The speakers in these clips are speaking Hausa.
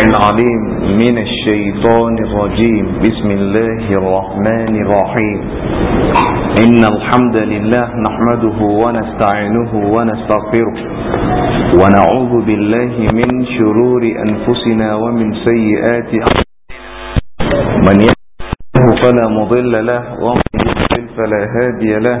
العليم من الشيطان الرجيم بسم الله الرحمن الرحيم إن الحمد لله نحمده ونستعينه ونستغفره ونعوذ بالله من شرور أنفسنا ومن سيئات من يهده فلا مضل له ومن يضلل فلا هادي له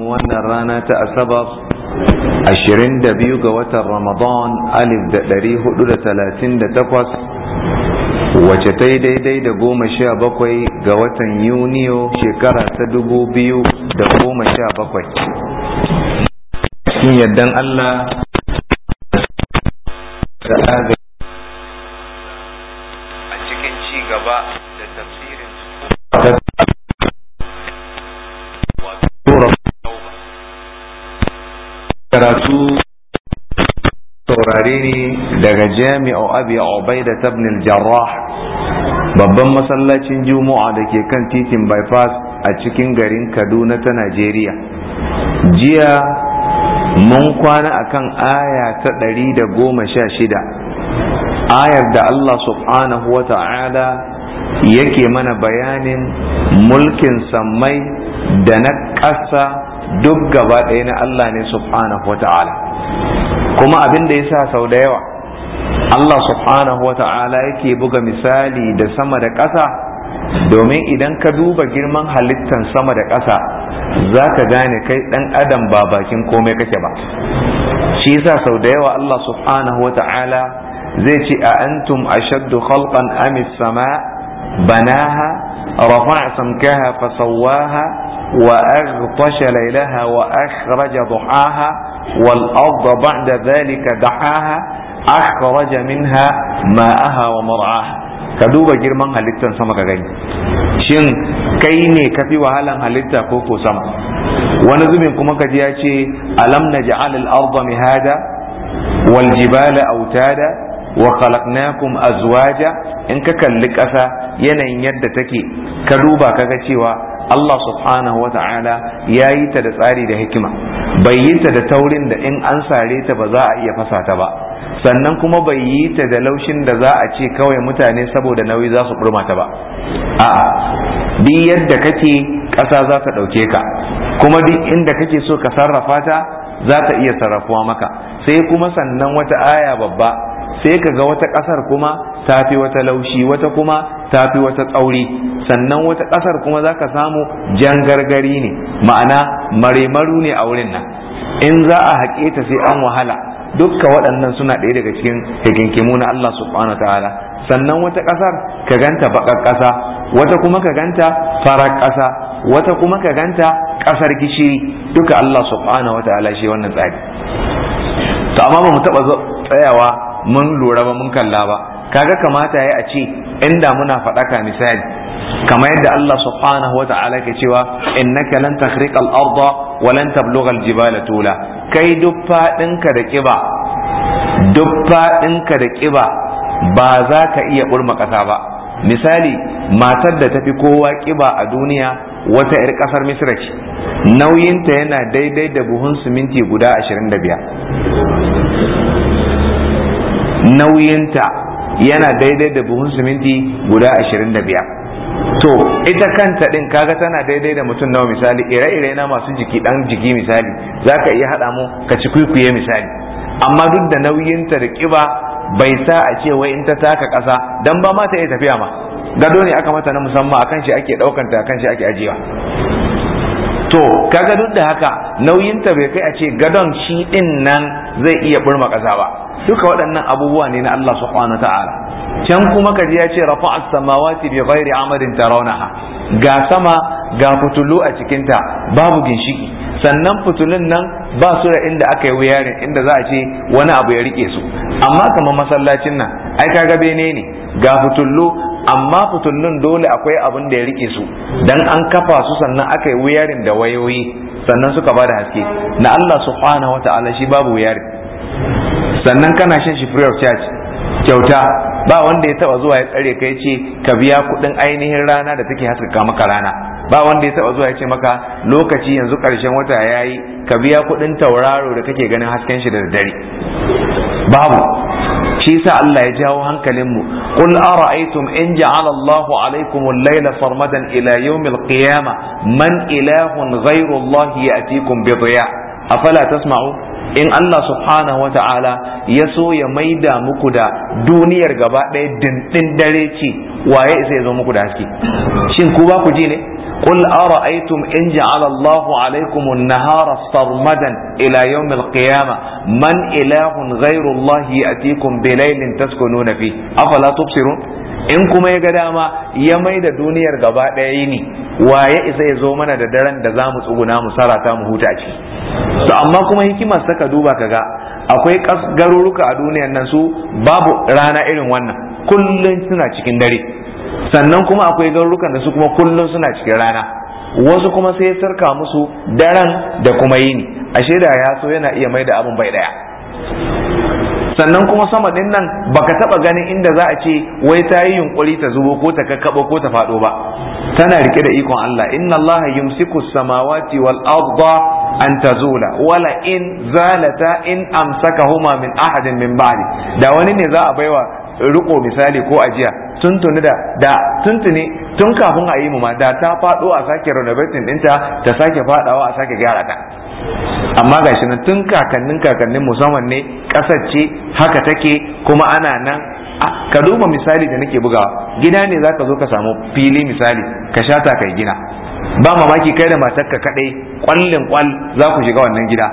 wannan rana ta asabar 22 ga watan ramadan alif da 1438 wace ta yi daidai da goma sha bakwai ga watan yuniyo shekara ta dubu biyu da goma sha bakwai allah saurare ni daga jami'u abi ubaida ibn al-jarrah babban masallacin juma'a da ke kan titin bypass a cikin garin kaduna ta najeriya jiya mun kwana akan aya ta ɗari da goma sha shida ayar da allah subhanahu wa ta'ala yake mana bayanin mulkin sammai da na ƙasa duk gaba ɗaya na allah ne subhanahu wa ta'ala kuma abin da yasa sau da yawa Allah subhanahu wa ta'ala yake buga misali da sama da ƙasa domin idan ka duba girman halittan sama da ƙasa za ka gane kai ɗan adam ba bakin komai kake ba shi yasa sau da yawa Allah subhanahu wa ta'ala zai ce a antum ashaddu khalqan amis sama banaha rafa'a samkaha Fasawaha. وأغطش ليلها وأخرج ضحاها والأرض بعد ذلك دحاها أخرج منها ماءها ومرعاها كدوبة جرمان هلتا سمكة غير شن كيني كفي وهلا هلتا كوكو سما ونزم منكم ألم نجعل الأرض مهادا والجبال أوتادا وخلقناكم أزواجا إن كلك أفا ينين يد تكي كدوبة كغتي Allah subhanahu wa ta'ala ya yi ta da tsari da hikima bai yi ta da taurin da in an sare ta ba za a iya fasa ta ba sannan kuma bai yi ta da laushin da za a ce kawai mutane saboda nauyi za su burma ta ba a'a duk yadda kake ƙasa za ta ɗauke ka kuma duk inda kake so ka sarrafa ta za ta iya sarrafuwa maka sai kuma sannan wata aya babba sai ka ga wata ƙasar kuma ta fi wata laushi wata kuma ta fi wata tsauri sannan wata ƙasar kuma za ka samu jan gargari ne ma'ana maremaru ne a wurin nan in za a haƙe ta sai an wahala dukka waɗannan suna ɗaya daga cikin hikinkimu na Allah subhanahu ta'ala sannan wata ƙasar ka ganta baƙar ƙasa wata kuma ka ganta farar ƙasa wata kuma ka ganta ƙasar gishiri duka Allah subhanahu ta'ala shi wannan tsari to amma ba mu taɓa tsayawa mun lura ba mun kalla ba kaga kamata yayi a ce inda muna faɗaka misali kamar yadda Allah subhanahu wa ta'ala ke cewa innaka lan takhriqa al-arda wa lan tablugha jibala tula kai duk faɗinka da kiba duk faɗinka da kiba ba za ka iya burma ƙasa ba misali matar da tafi kowa kiba a duniya wata 'yar ƙasar misra ce nauyinta yana daidai da buhun siminti guda 25 nauyinta yana daidai da buhun siminti guda ashirin da biyar to ita kanta din kaga tana daidai da mutum nawa misali ire-ire na masu jiki dan jiki misali za ka iya haɗa mu ka ci kwikwiye misali amma duk da nauyinta da ƙiba bai sa a ce wai in ta taka ƙasa dan ba ma ta iya tafiya ma gado ne aka mata na musamman akan shi ake ɗaukanta akan shi ake ajiyewa to kaga duk da haka nauyinta bai kai a ce gadon shi din nan zai iya burma ƙasa ba duka waɗannan abubuwa ne na Allah subhanahu ta'ala can kuma kaji ya ce rafa'a samawati bi ghairi ta tarawnaha ga sama ga fitulu a cikinta babu ginshiki sannan fitulun nan ba su da inda aka yi wuyarin inda za a ce wani abu ya rike su amma kamar masallacin nan ai kaga bene ne ga fitullu amma fitullun dole akwai abin da ya rike su dan an kafa su sannan aka yi wuyarin da wayoyi sannan suka bada haske na Allah subhanahu wataala shi babu wuyari sannan kana shan shi free of charge kyauta ba wanda ya taba zuwa ya tsare ka ce ka biya kudin ainihin rana da take haskaka maka rana ba wanda ya taba zuwa ya ce maka lokaci yanzu karshen wata yayi ka biya kudin tauraro da kake ganin hasken shi da dare babu shi yasa Allah ya jawo hankalin mu qul ara'aytum in ja'ala Allahu alaykum al-layla sarmadan ila yawm al-qiyamah man ilahun ghayru Allah ya'tikum bi dhiya' afala tasma'u in Allah subhanahu wa ta'ala ya so ya maida muku da duniyar gaba ɗaya dindin dare ce waye isa ya zo muku da haske shin ku ba ku ji ne قل أرأيتم إن جعل الله عليكم النهار سرمدا إلى يوم القيامة من إله غير الله يأتيكم بليل تسكنون فيه أفلا تبصرون in kuma ya ga dama ya mai da duniyar gaba ɗaya yini waye isa ya zo mana da daren da za mu tsuguna mu sarata mu huta ci to amma kuma hikimar saka duba ka ga, akwai garuruka a duniyar nan su babu rana irin wannan kullum suna cikin dare sannan kuma akwai garurukan da su kuma kullum suna cikin rana wasu kuma sai ya sarka musu daren da kuma yini ashe da ya so yana iya mai da abin bai daya sannan kuma sama din nan baka taba ganin inda za a ce wai ta yi yunkuri ta zubo ko ta kakkabo ko ta fado ba tana rike da ikon Allah inna Allah yumsiku samawati wal arda an tazula wala in zalata in amsakahuma min ahadin min ba'di da wani ne za a baiwa riko misali ko ajiya tuntuni da da tuntuni tun kafin a yi mu ma da ta fado a sake renovating dinta ta sake fadawa a sake gyara ta amma ga shi nan tun kakannin kakannin musamman ne ƙasar ce haka take kuma ana nan ka duba misali da nake bugawa gida ne zaka zo ka samu fili misali ka shata kai gina ba mamaki kai da matarka kadai kwallin kwal za ku shiga wannan gida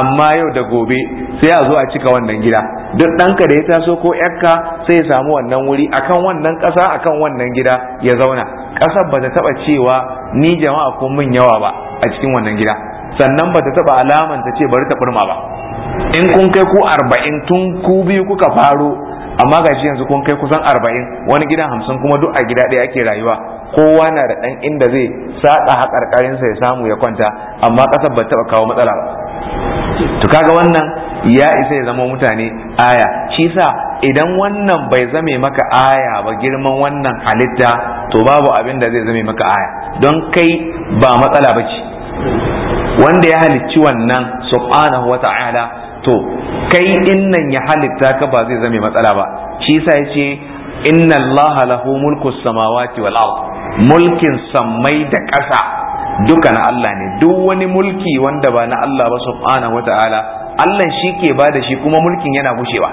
amma yau da gobe sai a zo a cika wannan gida duk ɗanka da ya taso ko yakka sai ya samu wannan wuri akan wannan ƙasa akan wannan gida ya zauna ƙasar ba ta taɓa cewa ni jama'a ko min yawa ba a cikin wannan gida sannan bata taba alaman ta ce bari ta burma ba in kun kai ku arba'in tun ku biyu kuka faro amma ga shi yanzu kun kai kusan arba'in wani gidan hamsin kuma duk a gida ɗaya ake rayuwa kowa na da ɗan inda zai saka haƙarƙarinsa ya samu ya kwanta amma ƙasar ba taɓa kawo matsala ba to kaga wannan ya isa ya zama mutane aya shi sa idan wannan bai zame maka aya ba girman wannan halitta to babu abin da zai zame maka aya don kai ba matsala ba ce wanda ya halicci wannan subhanahu wa ta'ala to kai innan ya halitta ka ba zai zame matsala ba shi yasa yace inna allaha lahu mulku samawati wal ard mulkin sammai da ƙasa duka na Allah ne duk wani mulki wanda ba na Allah ba subhanahu wa ta'ala Allah shi ke bada shi kuma mulkin yana gushewa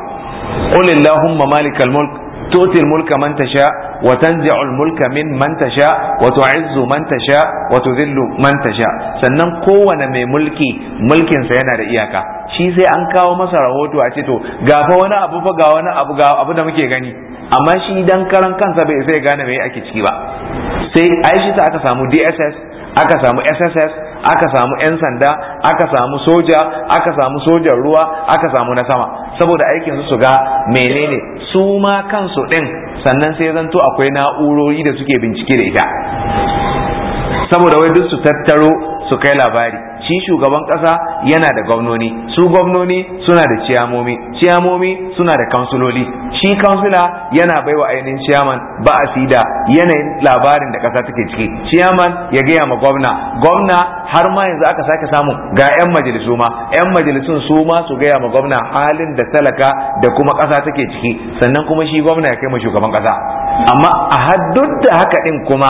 qul allahumma malikal mulk tu'til mulka man tasha wa tanzi'ul mulka min man tasha wa tu'izzu man tasha wa man tasha sannan kowane mai mulki mulkin sa yana da iyaka shi sai an kawo masa rahoto a ce to ga wani abu fa ga wani abu ga abu da muke gani amma shi dan karan kansa bai sai gane me ake ciki ba sai aishita aka samu DSS aka samu SSS aka samu 'yan sanda aka samu soja aka samu sojan ruwa aka samu na sama saboda aikin su ga menene su ma kansu ɗin sannan sai zanto akwai na'urori da suke bincike da ita saboda wai duk su tattaro su kai labari shi shugaban kasa yana da gwamnoni su gwamnoni suna da ciyamomi ciyamomi suna da kansuloli shi kansula yana baiwa ainihin ciyaman ba'asi da yanayin labarin da kasa take ciki ciyaman ya gaya ma gwamna gwamna har ma yanzu aka sake samu ga 'yan majalisu ma 'yan majalisun su ma su gaya ma gwamna halin da talaka da kuma kasa take ciki sannan kuma shi gwamna ya kai ma shugaban kasa amma a haddun da haka din kuma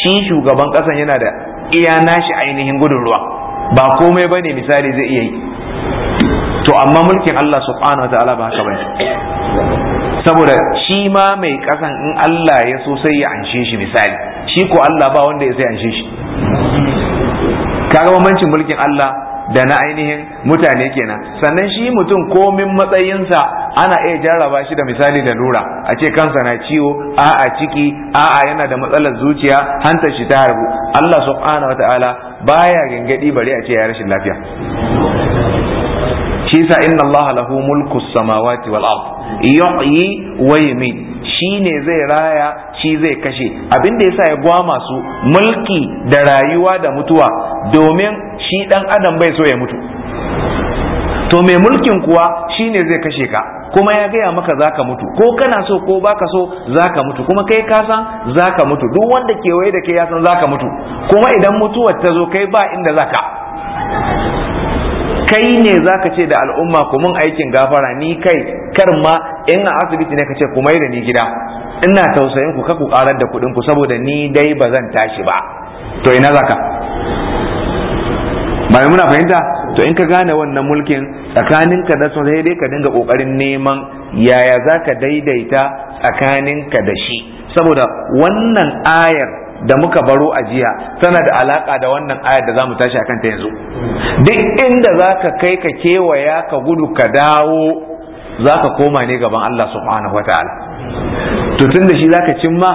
shi shugaban kasan yana da iya nashi ainihin gudun ruwa ba komai bane misali zai iya yi to amma mulkin Allah subhanahu wataala ba haka bane saboda shi ma mai kasan in Allah ya so sai ya anshe shi misali shi ko Allah ba wanda ya sai anshe shi kaga bambancin mulkin Allah da na ainihin mutane kenan sannan shi mutum komin matsayinsa ana iya jarraba shi da misali da nura, a ce kansa na ciwo a'a ciki a'a yana da matsalar zuciya hantar shi ta harbu Allah subhanahu wataala baya gangadi bare a ce ya rashin lafiya shi sa inna Allah lahu mulku samawati wal ard yuhyi wa yumit shi ne zai raya shi zai kashe abin da yasa ya gwama masu mulki da rayuwa da mutuwa domin shi dan adam bai so ya mutu to mai mulkin kuwa shi ne zai kashe ka kuma ya gaya maka zaka mutu ko kana so ko baka so zaka mutu kuma kai ka san zaka mutu duk wanda ke kewaye da kai ya san zaka mutu kuma idan mutuwar ta zo kai ba inda zaka kai ne zaka ce da al'umma ku mun aikin gafara ni kai kar ma in a asibiti ne ka ce ku mai da ni gida ina tausayin ku ka ku karar da kuɗin ku saboda ni dai ba zan tashi ba to ina zaka bai muna fahimta to in ka gane wannan mulkin tsakaninka da sun sai dai ka dinga kokarin neman yaya za ka daidaita tsakaninka da shi saboda wannan ayar da muka baro a jiya tana da alaka da wannan ayar da za mu tashi akan ta yanzu duk inda za ka kai ka kewaya ka gudu ka dawo za ka koma ne gaban Allah subhanahu wataala to tun da shi za ka cimma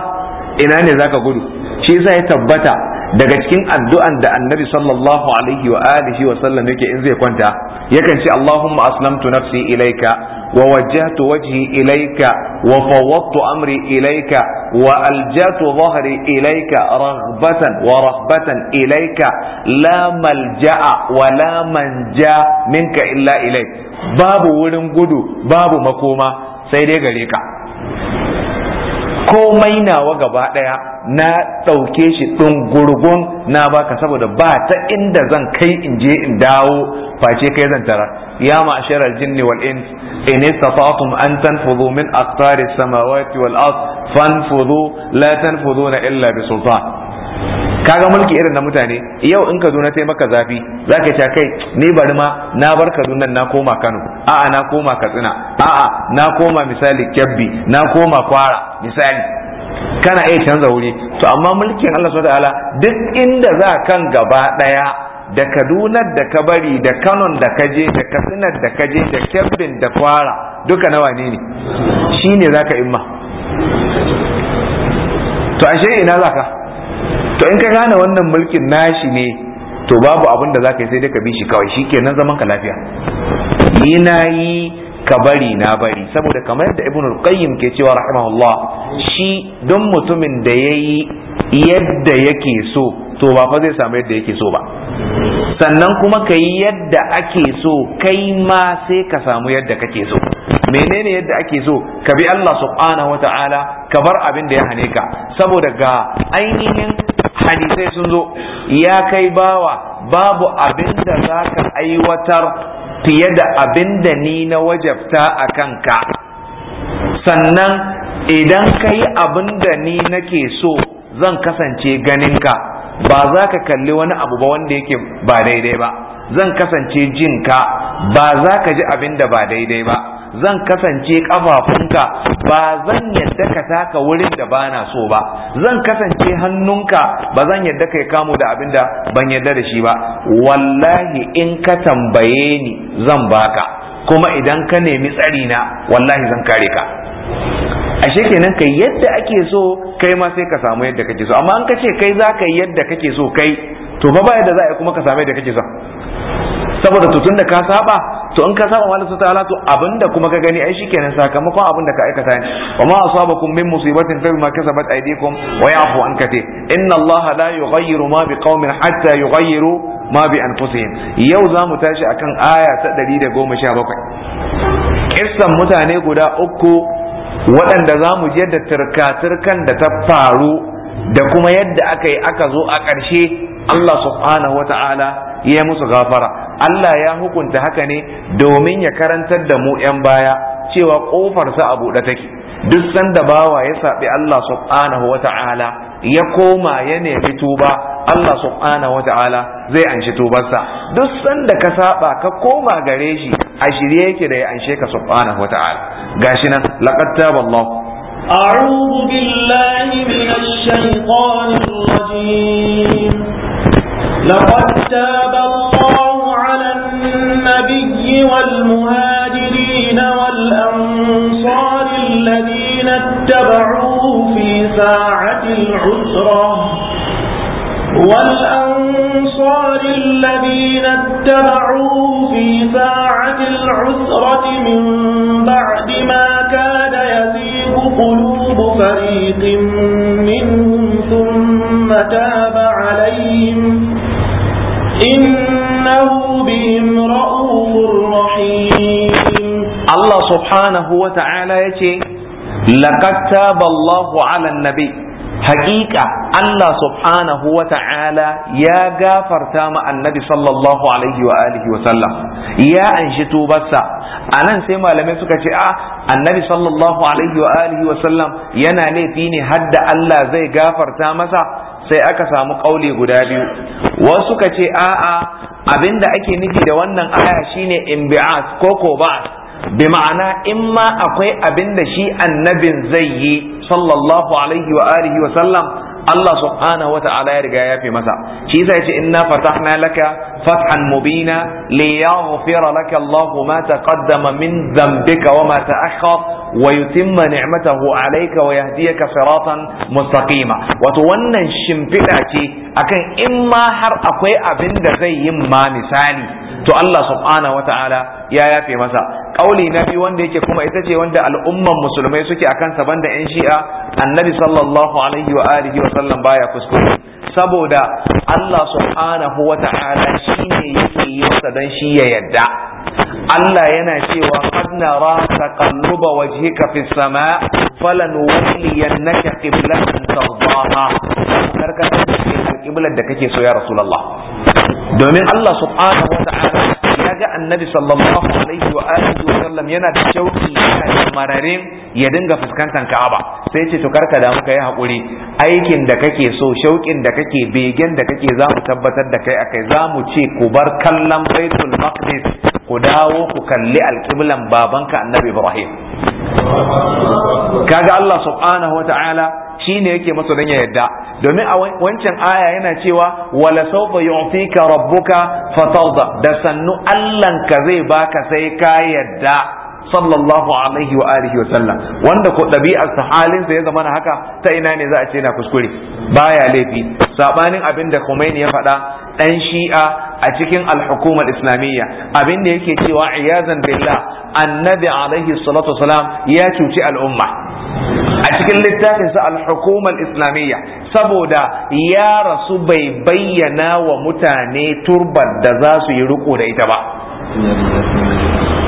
ina ne za ka gudu shi yasa ya tabbata daga cikin addu'an da annabi sallallahu alaihi wa alihi wa sallam yake in zai kwanta yakan ce Allahumma aslamtu nafsi ilaika wa wajjahtu wajhi ilaika wa fawwadtu amri ilaika wa aljatu dhahri ilaika raghbatan wa rahbatan ilaika la malja'a wa la manja minka illa ilaik babu wurin gudu babu makoma sai dai gare ka komai nawa gaba daya na ɗauke shi ɗin gurgun na baka saboda ba ta inda zan kai in je in dawo face kai zan tara ya ma'ashar jinni wal in in istata'tum an tanfudu min aqtari samawati wal ard fanfudu la na illa bi sultan kaga mulki irin na mutane yau in Kaduna na maka zafi zaka sha kai ni bari ma na bar Kaduna na koma Kano a'a na koma Katsina a'a na koma misali Kebbi na koma Kwara misali kana iya canza wuri to amma mulkin Allah subhanahu ta'ala duk inda za kan gaba daya da Kaduna da ka bari da kanon da ka je da Katsina da ka je da Kebbin da kwara duka nawa ne ne shine zaka imma to ashe ina zaka to in ka gane wannan mulkin nashi ne to babu abin da zaka yi sai dai ka bi shi kawai shikenan zaman ka lafiya yi na yi ka bari na bari saboda kamar yadda Ibn al qayyim ke cewa rahimahullah shi don mutumin da yayi yadda yake so to ba fa zai samu yadda yake so ba sannan kuma ka yi yadda ake so kai ma sai ka samu yadda kake so menene yadda ake so ka bi Allah subhanahu wata'ala ka bar abin da ya hane ka saboda ga ainihin hadisai sun zo ya kai bawa babu abin da za ka aiwatar fiye da abin da ni na wajabta a kanka sannan idan ka yi abin da ni nake so zan kasance ganinka ba za ka kalli wani abu ba wanda yake ba daidai ba zan kasance jinka ba za ka ji abin da ba daidai ba zan kasance kafafunka ba zan yadda ka taka wurin da bana so ba zan kasance hannunka ba zan yadda kai kamo da abin da ban yadda da shi ba wallahi in ka tambaye ni zan baka kuma idan ka nemi tsari na wallahi zan kare ka ashe kenan kai yadda ake so kai ma sai ka samu yadda kake so amma an kace kai za ka yi yadda kake so kai to ba ba yadda za a yi kuma ka samu yadda kake so saboda to da ka saba to in ka saba Allah ta'ala to abinda kuma ka gani ai shikenan sakamakon abinda ka aikata ne wa ma asabakum min musibatin fa bima kasabat aydikum wa ya'fu an kate. inna Allah la yughayyiru ma biqaumin hatta yughayyiru ma bi anfusihim yau za mu tashi akan aya ta 117 kissan mutane guda uku waɗanda za mu je da turka-turkan da ta faru da kuma yadda aka yi aka zo a ƙarshe Allah subhanahu wa ta'ala ya musu gafara Allah ya hukunta haka ne domin ya karantar da mu 'yan baya cewa ƙofarsa a buɗe take duk sanda bawa ya saɓi Allah subhanahu wata'ala ya koma ya nemi tuba Allah subhanahu wata'ala zai anshi tubarsa duk sanda ka saba ka koma gare shi a shirye yake da ya anshe ka subhanahu wata'ala gashi nan laqad Allah a'udhu billahi minash الشيطان الرجيم لقد تاب الله على النبي والمهاجرين والأنصار الذين اتبعوه في ساعة العسرة والأنصار الذين اتبعوه في ساعة العسرة من بعد ما كاد يزيغ قلوب فريق subhanahu wa ta'ala ya ce Allahu 'ala nabi haƙiƙa Allah subhanahu wa ta'ala ya gafarta ma annabi sallallahu alaihi wa alihi wa sallam ya anshi tubarsa a nan sai malamai suka ce a ah, annabi sallallahu alaihi wa alihi wa sallam yana laifi ne hadda Allah zai gafarta masa sai aka samu ƙauli guda biyu wasu suka ce a'a abinda ake nufi da wannan aya shine imbi'at ko ko ba'at bi ma'ana in ma akwai abinda shi annabin zai yi sallallahu alaihi wa alihi wa sallam Allah subhanahu wa ta'ala ya riga ya fi masa shi yasa yace inna fatahna laka fathan mubina liyaghfira laka Allah ma taqaddama min dhanbika wa ma ta'akhkhara wa yutimma ni'matahu alayka wa yahdiyaka siratan mustaqima wato wannan shimfiɗa ce akan in ma har akwai abin da zai yi ma misali to Allah subhanahu wataala ya yafe masa kauli na biyu wanda yake kuma ita ce wanda al'umman musulmai suke akan sa banda yan shi'a annabi sallallahu alaihi wa alihi wa sallam baya kuskure saboda Allah subhanahu wataala shine yake yi masa dan shi ya yadda Allah yana cewa qad nara taqalluba wajhika fis sama' falanuwalliyannaka qiblatan tardaha karka ce alqiblar da kake so ya rasulullah domin Allah subhanahu wa ta'ala ya ga annabi sallallahu alaihi wa alihi wa sallam yana da shauki yana da mararin ya dinga fuskantar Ka'aba sai ce to karka da muka yi hakuri aikin da kake so shaukin da kake begen da kake za mu tabbatar da kai akai za mu ce ku bar kallon Baitul Maqdis ku dawo ku kalli alƙiblan babanka annabi Ibrahim kaga Allah subhanahu wa ta'ala Shi ne yake masa dan ya yadda domin a wancan aya yana cewa wala sawfa yu'tika rabbuka fatarda da sannu Allahnka zai baka sai ka yadda sallallahu alaihi wa alihi wa sallam wanda ko ɗabi'ar sa halin sa ya zama na haka ta ina ne za a ce na kuskure baya laifi sabanin abin da Khomeini ya faɗa dan Shi'a a cikin al-hukumar Islamiyya abin da yake cewa iyazan billah annabi alaihi salatu wasalam ya cuci al'umma a cikin littafinsa al-hukumar islamiyya saboda ya rasu bai bayyana wa mutane turbar da za su yi riko da ita ba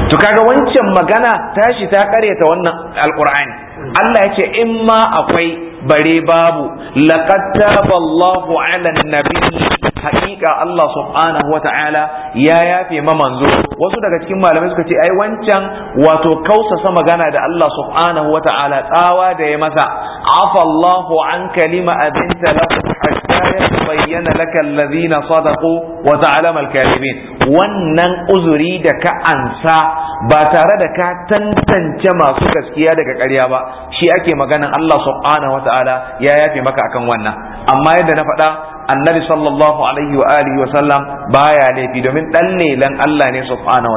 to kaga wancan magana tashi ta karyata wannan alkur'ani Allah ya ce in ma akwai bare babu laqad taballahu ala nabiyyi haƙiƙa Allah subhanahu wata'ala ya yafe ma wasu daga cikin malamai suka ce ai wancan wato kausasa magana da Allah subhanahu wata'ala tsawa da ya masa afa Allahu an kalima abinta lahu hatta yatabayyana laka alladhina sadaqu wa ta'lama al-kadhibin wannan uzuri da ka ansa ba tare da ka tantance masu gaskiya daga ƙarya ba shi ake maganan Allah subhanahu wata'ala ya yafe maka akan wannan amma yadda na faɗa annabi sallallahu alaihi wa alihi wa sallam baya laifi domin dan lelan Allah ne subhanahu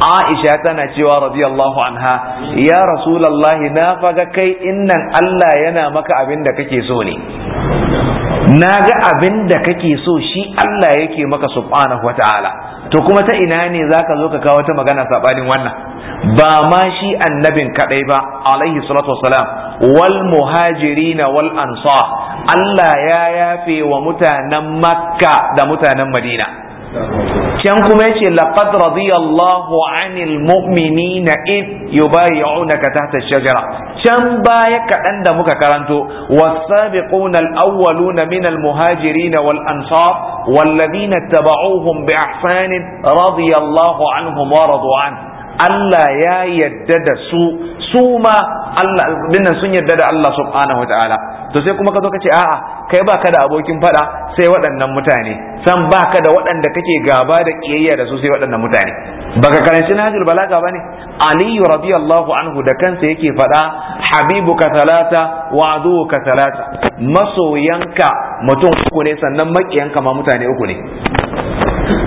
Aisha tana cewa radiyallahu anha ya rasulullahi na faga kai innan Allah yana maka abin da kake so ne na ga abin da kake so shi Allah yake maka subhanahu to kuma ta ina ne za ka zo ka kawo ta magana saɓanin wannan ba ma shi annabin kaɗai ba alaihi salatu wasalam wal muhajirina wal ansar Allah ya yafe wa mutanen makka da mutanen madina can kuma yace laqad radiyallahu anil mu'minina id yubayi'unaka tahta ash-shajara can baya kaɗan da muka karanto was-sabiquna al-awwaluna min al-muhajirin wal ansar والذين اتبعوهم بإحسان رضي الله عنهم ورضوا عنه Allah ya yadda da su su ma Allah sun yadda da Allah subhanahu to sai kuma ka zo ka ce a'a kai baka da abokin fada sai waɗannan mutane san baka da waɗanda kake gaba da kiyayya da su sai waɗannan mutane baka karanci nahjul balaga bane ali radiyallahu anhu da kansa yake fada habibuka talata wa aduka talata masoyanka mutum uku ne sannan makiyanka ma mutane uku ne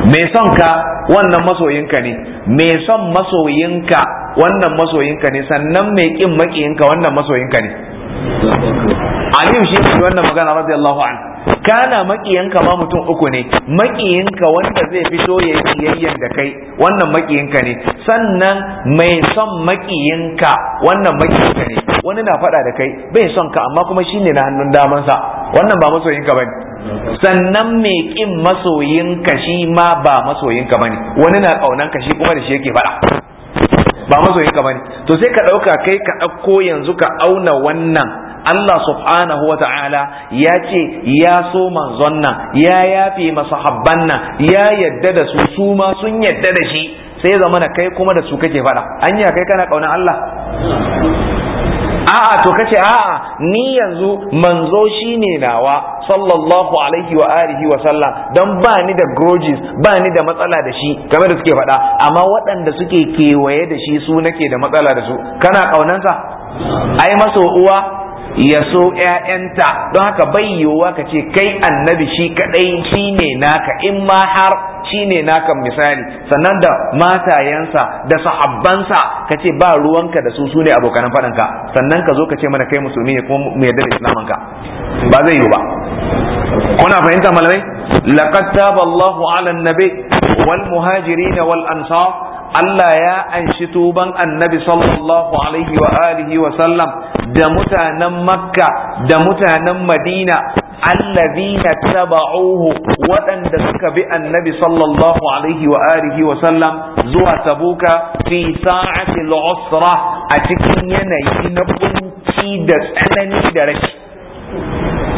mai son ka wannan masoyinka ne mai son masoyinka wannan masoyinka ne sannan mai kin makiyinka wannan masoyinka ne aliyu shi ne wannan magana radiyallahu an kana makiyanka ma mutum uku ne makiyinka wanda zai fito ya yi kiyayyen da kai wannan makiyinka ne sannan mai son makiyinka wannan makiyinka ne wani na faɗa da kai bai son ka amma kuma shi ne na hannun damansa wannan ba masoyinka ba ne sannan mai ƙin masoyinka shi ma ba masoyinka ba ne wani na ƙaunanka shi kuma da shi yake faɗa ba masoyinka ba ne to sai ka ɗauka kai ka ɗauko yanzu ka auna wannan Allah subhanahu wa ta'ala ya ce ya so manzon nan ya yafe masahabban nan ya yadda da su su ma sun yadda da shi sai zama na kai kuma da su kake faɗa anya kai kana ƙaunar Allah a'a to kace a'a ni yanzu manzo shine nawa sallallahu alaihi wa alihi wa sallam dan ba ni da grudges ba ni da matsala da shi game da suke faɗa amma waɗanda suke kewaye da shi su nake da matsala da su kana kaunansa ai maso uwa ya so ‘ya'yanta don haka bai yiwuwa ka ce kai annabi shi kaɗai shi ne naka in ma har shi ne naka misali sannan da matayensa da sahabbansa ka ce ba ruwanka da su su ne abokanan faɗanka sannan ka zo ka ce mana kai musulmi ne kuma mu yarda da islamanka ba zai yiwu ba kuna fahimta malamai laqad taba Allahu ala an-nabi wal muhajirin wal ansar Allah ya anshi tuban annabi sallallahu alaihi wa alihi wa sallam da mutanen makka da mutanen madina allazina taba'uhu waɗanda suka bi annabi sallallahu alaihi wa alihi wa sallam zuwa tabuka fi sa'ati usra a cikin yanayi na kunci da tsanani da rashi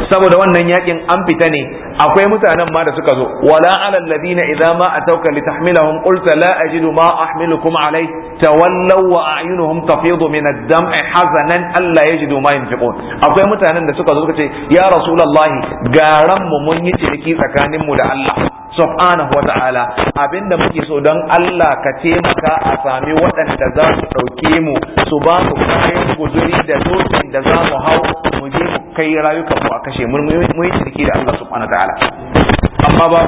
saboda wannan yakin an fita ne akwai mutanen ma da suka zo wala alal ladina idza ma atawka litahmilahum qulta la ajidu ma ahmilukum alai tawallaw wa a'yunuhum tafidu min ad-dam'i hazanan alla yajidu ma yunfiqun akwai mutanen da suka zo suka ce ya rasulullahi garan mu mun yi ciniki tsakanin mu da Allah subhanahu wata'ala abinda muke so don Allah ka taimaka a sami waɗanda za su ɗauke mu su ba su kayan guzuri da dokin da za mu hau mu je mu kai rayukan mu a kashe mu mu yi shirki da Allah subhanahu wa ta'ala amma ba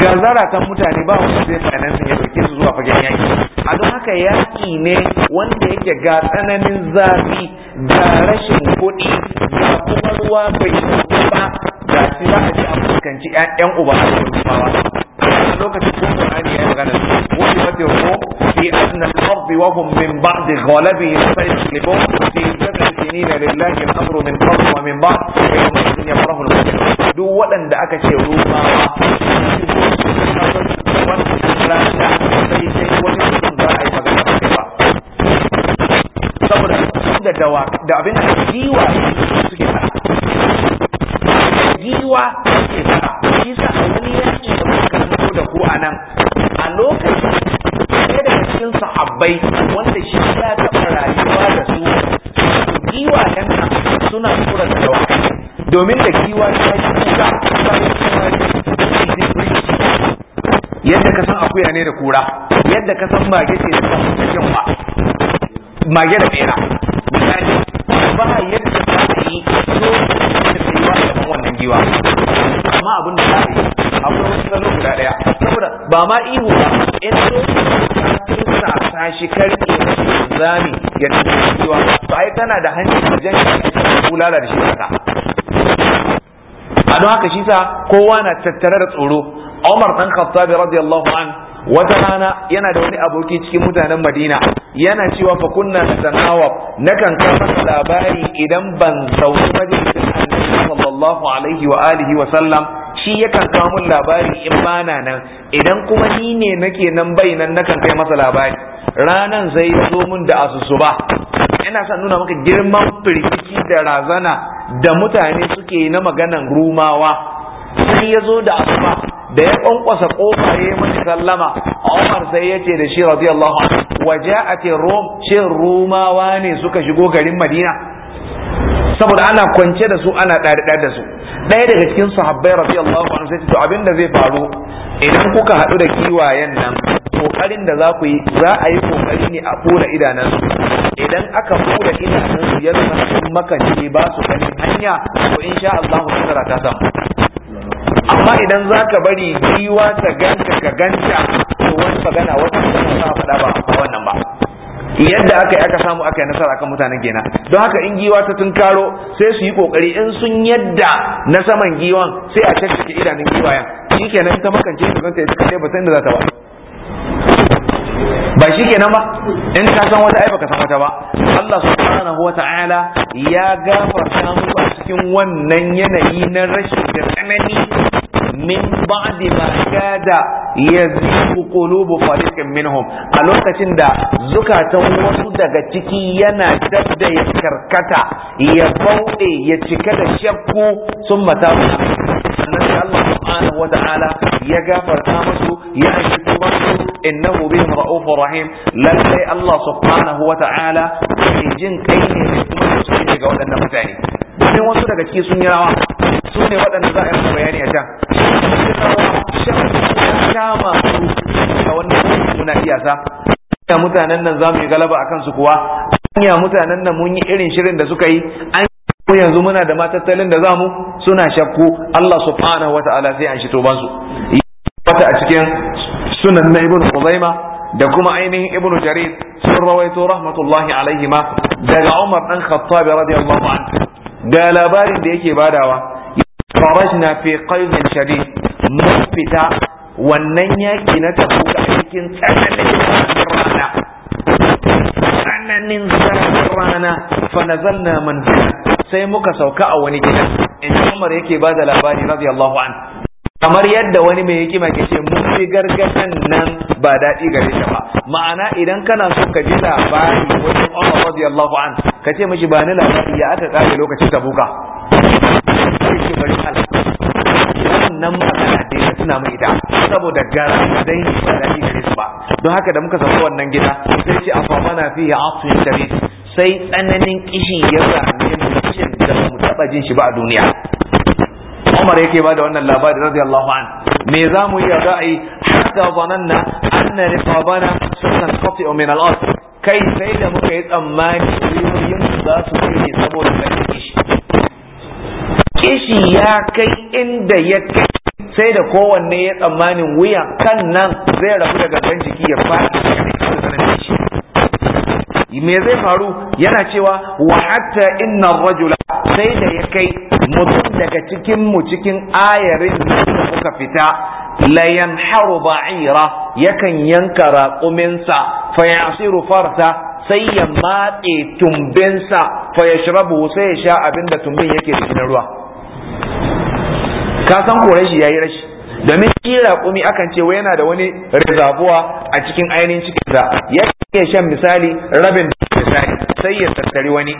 Gazara kan mutane ba wanda zai nan ya dauke su zuwa fagen yaki a don haka yaki ne wanda yake ga tsananin zafi da rashin kuɗi da kuma ruwa bai ba ga shi za a ji a fuskanci ƴan uba a cikin lokacin ko Qur'ani ya magana wani mafi ko fi adna al-ardi wa hum min ba'di ghalabi sayaghlibun fi sab'i sinina lillahi al-amru min qabl wa min ba'd wa yawma yafrahu al-mu'minun duk waɗanda aka ce ruwa da dawa da abin da giwa suke fara giwa suke fara shi sa a wani yaki da muka fito da ku a nan a lokacin ɗaya daga cikin sahabbai wanda shi ya taɓa rayuwa da su giwa yan suna tura da dawa domin da giwa ta yi kuka ta yi yadda ka san akuya ne da kura yadda ka san mage ce da kashin ba mage da bera misali ba yadda za ka yi so da ba da kan wannan giwa amma abin da za a yi akwai wani tsaro guda daya saboda ba ma ihu ba in so ka ta shi karfe zami ya tafi giwa to ai tana da hanci da jan kulala da shi haka a don haka shi sa kowa na tattare da tsoro Umar dan Khattab radiyallahu an wata rana yana da wani aboki cikin mutanen Madina yana cewa fa kunna na kan kafa labari idan ban zauni majalisin sallallahu alaihi wa alihi wa sallam shi yakan kawo min labari in bana nan idan kuma ni ne nake nan bai nan nakan kai masa labari ranan zai zo mun da asusu asusuba ina son nuna maka girman firgici da razana da mutane suke na maganan rumawa sai ya zo da asuba da ya kwankwasa kofa ya sallama sallama Umar sai ya ce da shi radiyallahu anhu ce Rum Rumawa ne suka shigo garin Madina saboda ana kwance da su ana ɗariɗa da su ɗaya daga cikin sahabbai radiyallahu anhu sai to abin da zai faru idan kuka haɗu da kiwayen nan kokarin da za ku yi za a yi kokari ne a fura idanansu idan aka fura idanansu ya zama sun makance ba su ganin hanya to insha Allah ta samu amma idan za ka bari giwa ta ganta ka ganta to wani magana wata magana za faɗa ba a wannan ba yadda aka yi aka samu aka yi nasara kan mutanen kenan don haka in giwa ta tun karo sai su yi kokari in sun yadda na saman giwan sai a cikin idanun ya shi kenan ta makance su zanta ita kaɗai ba san da za ta ba ba shi kenan ba in ka san wata ai san wata ba Allah subhanahu wa ta'ala ya gafarta musu a cikin wannan yanayi na rashin da tsanani min ba'di ma kada yazigu qulubu fariqin minhum a lokacin da zukatan wasu daga ciki yana dabda ya karkata ya bauɗe ya cika da shakku sun mata annabi Allah subhanahu wa ta'ala ya gafarta musu ya aiki tubansu innahu bihim ra'ufur rahim lallai Allah subhanahu wa ta'ala jin kai ne kuma shi ne ga wadannan mutane sai wasu daga ciki sun yi rawa su ne waɗanda za a yi bayani a can sha masu da wannan muna iyasa ya mutanen nan za mu yi galaba a kansu kuwa ya mutanen nan mun yi irin shirin da suka yi an yanzu muna da matattalin da zamu suna shakku Allah subhanahu Ta'ala sai an shi toban su wata a cikin sunan na ibnu Khuzaima da kuma ainihin ibnu Jarir sun rawaito rahmatullahi alaihima daga Umar dan Khattab radiyallahu anhu ga labarin da yake badawa farajna fi qaizin shadid mun fita wannan yaki na a cikin tsananin rana tsananin rana fa nazalna man sai muka sauka a wani gida in Umar yake bada labari radiyallahu an kamar yadda wani mai hikima ke ce mun fi gargadan nan ba daɗi gare shi ba ma'ana idan kana so ka ji labari wajen Umar radiyallahu an ka ce mishi ba ni labari ya aka kare lokacin ta buka shi bari Allah wannan magana dai ka tuna mai ita saboda gara dan yi ba daɗi gare shi ba don haka da muka samu wannan gida sai ce fama na fi ya asu sai tsananin kishin ya same mu kishin da mu taɓa jin shi ba a duniya Umar yake ba da wannan labari radiyallahu an me za mu yi ra'ayi hatta zananna anna riqabana satanqati min al-ard kai sai da muka yi tsammani riyoyin za su kire saboda kishi kishi ya kai inda ya kai sai da kowanne ya tsammanin wuya kan nan zai rabu daga ban jiki ya fara me zai faru yana cewa wa hatta inna rajula sai da ya kai mutum daga cikin mu cikin ayarin da suka fita layan haru ba'ira yakan yanka raƙuminsa fa yasiru sai ya matse tumbinsa fa ya sai ya sha abin da tumbin yake da ruwa ka san korashi yayi rashi domin shi raƙumi akan ce wai yana da wani rizabuwa a cikin ainihin cikinsa ya ke shan misali rabin misali sai ya tattari wani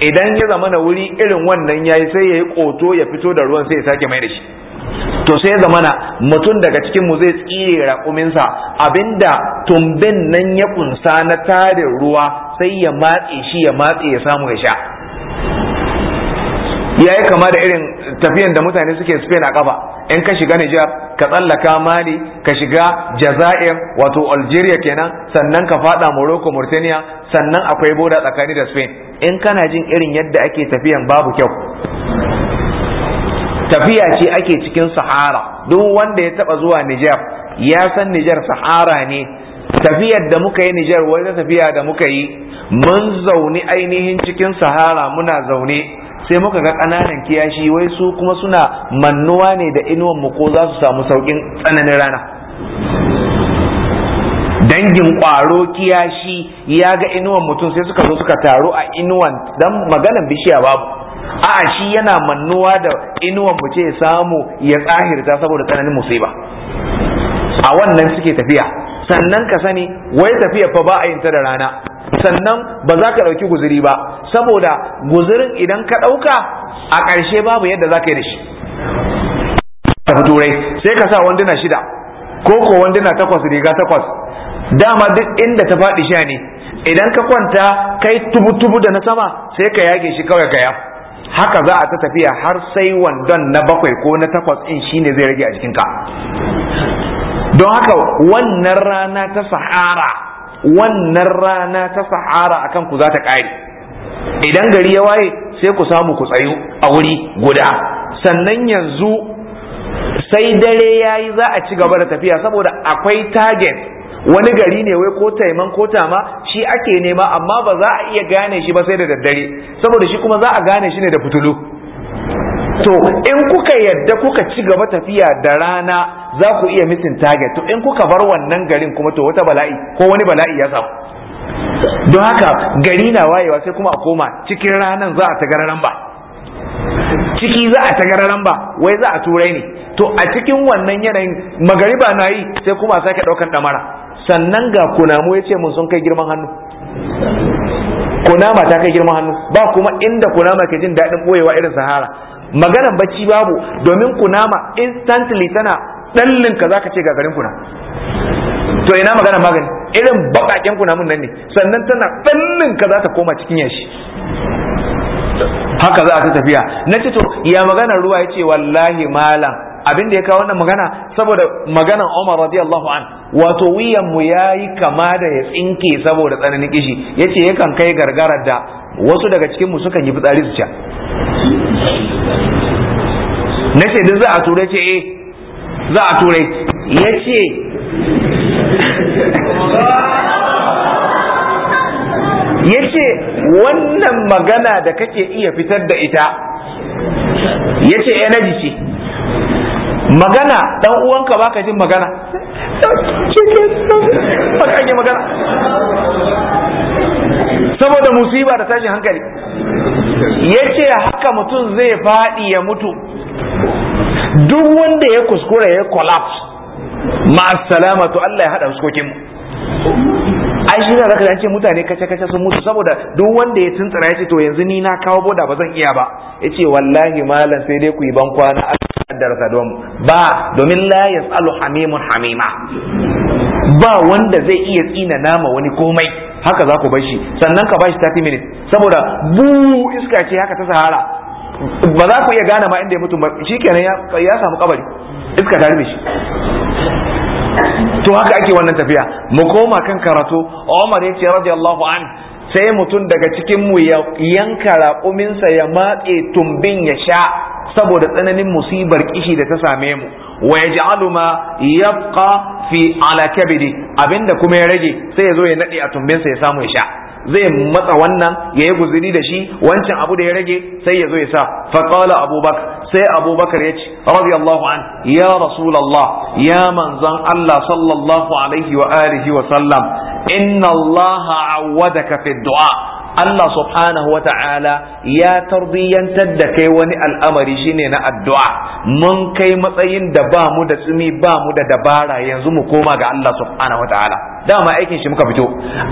idan ya zama na wuri irin wannan yayi sai ya yi ƙoto ya fito da ruwan sai ya sake mai da shi to sai zamana mutum daga cikin mu zai tsire raƙuminsa abinda tumbin nan ya kunsa na tarin ruwa sai ya matse shi ya matse ya samu ya sha ya yi kama da irin tafiyan da mutane suke spain a kafa in ka shiga Nijar ka tsallaka mali ka shiga jazair wato algeria kenan sannan ka fada morocco mauritania sannan akwai boda tsakani da spain in kana jin irin yadda ake tafiyan babu kyau tafiya ce ake cikin sahara duk wanda ya taba zuwa niger ya san niger sahara ne tafiyar da muka yi Nijar wata tafiya da muka yi mun zaune ainihin cikin sahara muna zaune sai muka ga ƙananan kiyashi wai su kuma suna mannuwa ne da inuwan mu ko za su samu saukin tsananin rana dangin ƙwaro kiyashi ya ga inuwan mutum sai suka zo suka taru a inuwan dan maganan bishiya babu a'a shi yana mannuwa da inuwan mu ce samu ya tsahirta saboda tsananin musiba a wannan suke tafiya sannan ka sani wai tafiya fa ba a yin ta da rana sannan ba za ka ɗauki guziri ba saboda guzirin idan ka ɗauka a ƙarshe babu yadda za ka yi da shi tafi turai sai ka sa wanduna shida ko ko wanduna takwas riga takwas dama duk inda ta faɗi sha ne idan ka kwanta kai tubu-tubu da na sama sai ka yage shi kawai ka ya haka za a ta tafiya har sai wandon na bakwai ko na takwas in shi ne zai rage a jikinka don haka wannan rana ta sahara wannan rana ta sahara akan ku za ta ƙare idan gari ya waye sai ku samu ku tsayu a wuri guda sannan yanzu sai dare ya yi za a ci gaba da tafiya saboda akwai target wani gari ne wai ko taiman ko tama shi ake nema amma ba za a iya gane shi ba sai da daddare saboda shi kuma za a gane shi ne da fitulu to in kuka yadda kuka ci gaba tafiya da rana za ku iya misin target to in kuka bar wannan garin kuma to wata bala'i ko wani bala'i ya samu don haka gari na wayewa sai kuma a koma cikin ranan za a ta gararan ba ciki za a ta gararan ba wai za a turai ne to a cikin wannan yanayin magariba na yi sai kuma a sake daukan damara sannan ga kunamu ya ce mun sun kai girman hannu kunama ta kai girman hannu ba kuma inda kunama ke jin daɗin ɓoyewa irin sahara maganan bacci babu domin kunama instantly tana dallin ka zaka ce ku kuna to ina magana magani irin baƙaƙen kuna mun nan ne sannan tana dallin ka zata koma cikin yashi haka za ta tafiya na ce to ya magana ruwa ya ce wallahi malam abin da ya kawo wannan magana saboda maganan Umar radiyallahu an wato wiyan mu yayi kama da ya tsinke saboda tsananin kishi yace yakan kai gargarar da wasu daga cikin mu sukan yi fitsari su ca nace duk za a tura ce eh za a turai ya ce ya ce wannan magana da kake iya fitar da ita ya ce energy ce magana dan uwanka baka jin magana magana saboda musiba da tashin hankali Ya ce haka mutum zai faɗi ya mutu duk wanda ya kuskura ya collapse ma salama to Allah ya hada huskokin mu ai shi ne da ce mutane kace kace sun mutu saboda duk wanda ya tuntsara ya ce to yanzu ni na kawo boda ba zan iya ba yace wallahi malam sai dai ku yi ban kwana darasa don ba domin la yasalu hamimun hamima ba wanda zai iya tsina nama wani komai haka za ku bashi sannan ka bashi 30 minutes saboda bu iska ce haka ta sahara ba za ku iya gane ma inda ya mutu ba shikenan ya samu kabari iska ta rufe shi to haka ake wannan tafiya mu koma kan karatu Umar ya ce radiyallahu an sai mutum daga cikin mu ya yanka raƙuminsa ya matse tumbin ya sha saboda tsananin musibar kishi da ta same mu wa yaj'alu ma yabqa fi ala kabidi abinda kuma ya rage sai ya zo ya nade a tumbinsa ya samu ya sha zai matsa wannan ya yi guziri da shi wancan abu da ya rage sai ya zo ya sa faqala abubakar sai abubakar ya ce radiyallahu an ya rasulullah ya manzon Allah sallallahu alaihi wa alihi wa sallam inna Allaha awwadaka fi du'a Allah subhanahu wa ta'ala ya tarbiyyantar da kai wani al'amari shine na addu'a mun kai matsayin da ba mu da tsumi ba mu da dabara yanzu mu koma ga Allah subhanahu wa ta'ala dama aikin shi muka fito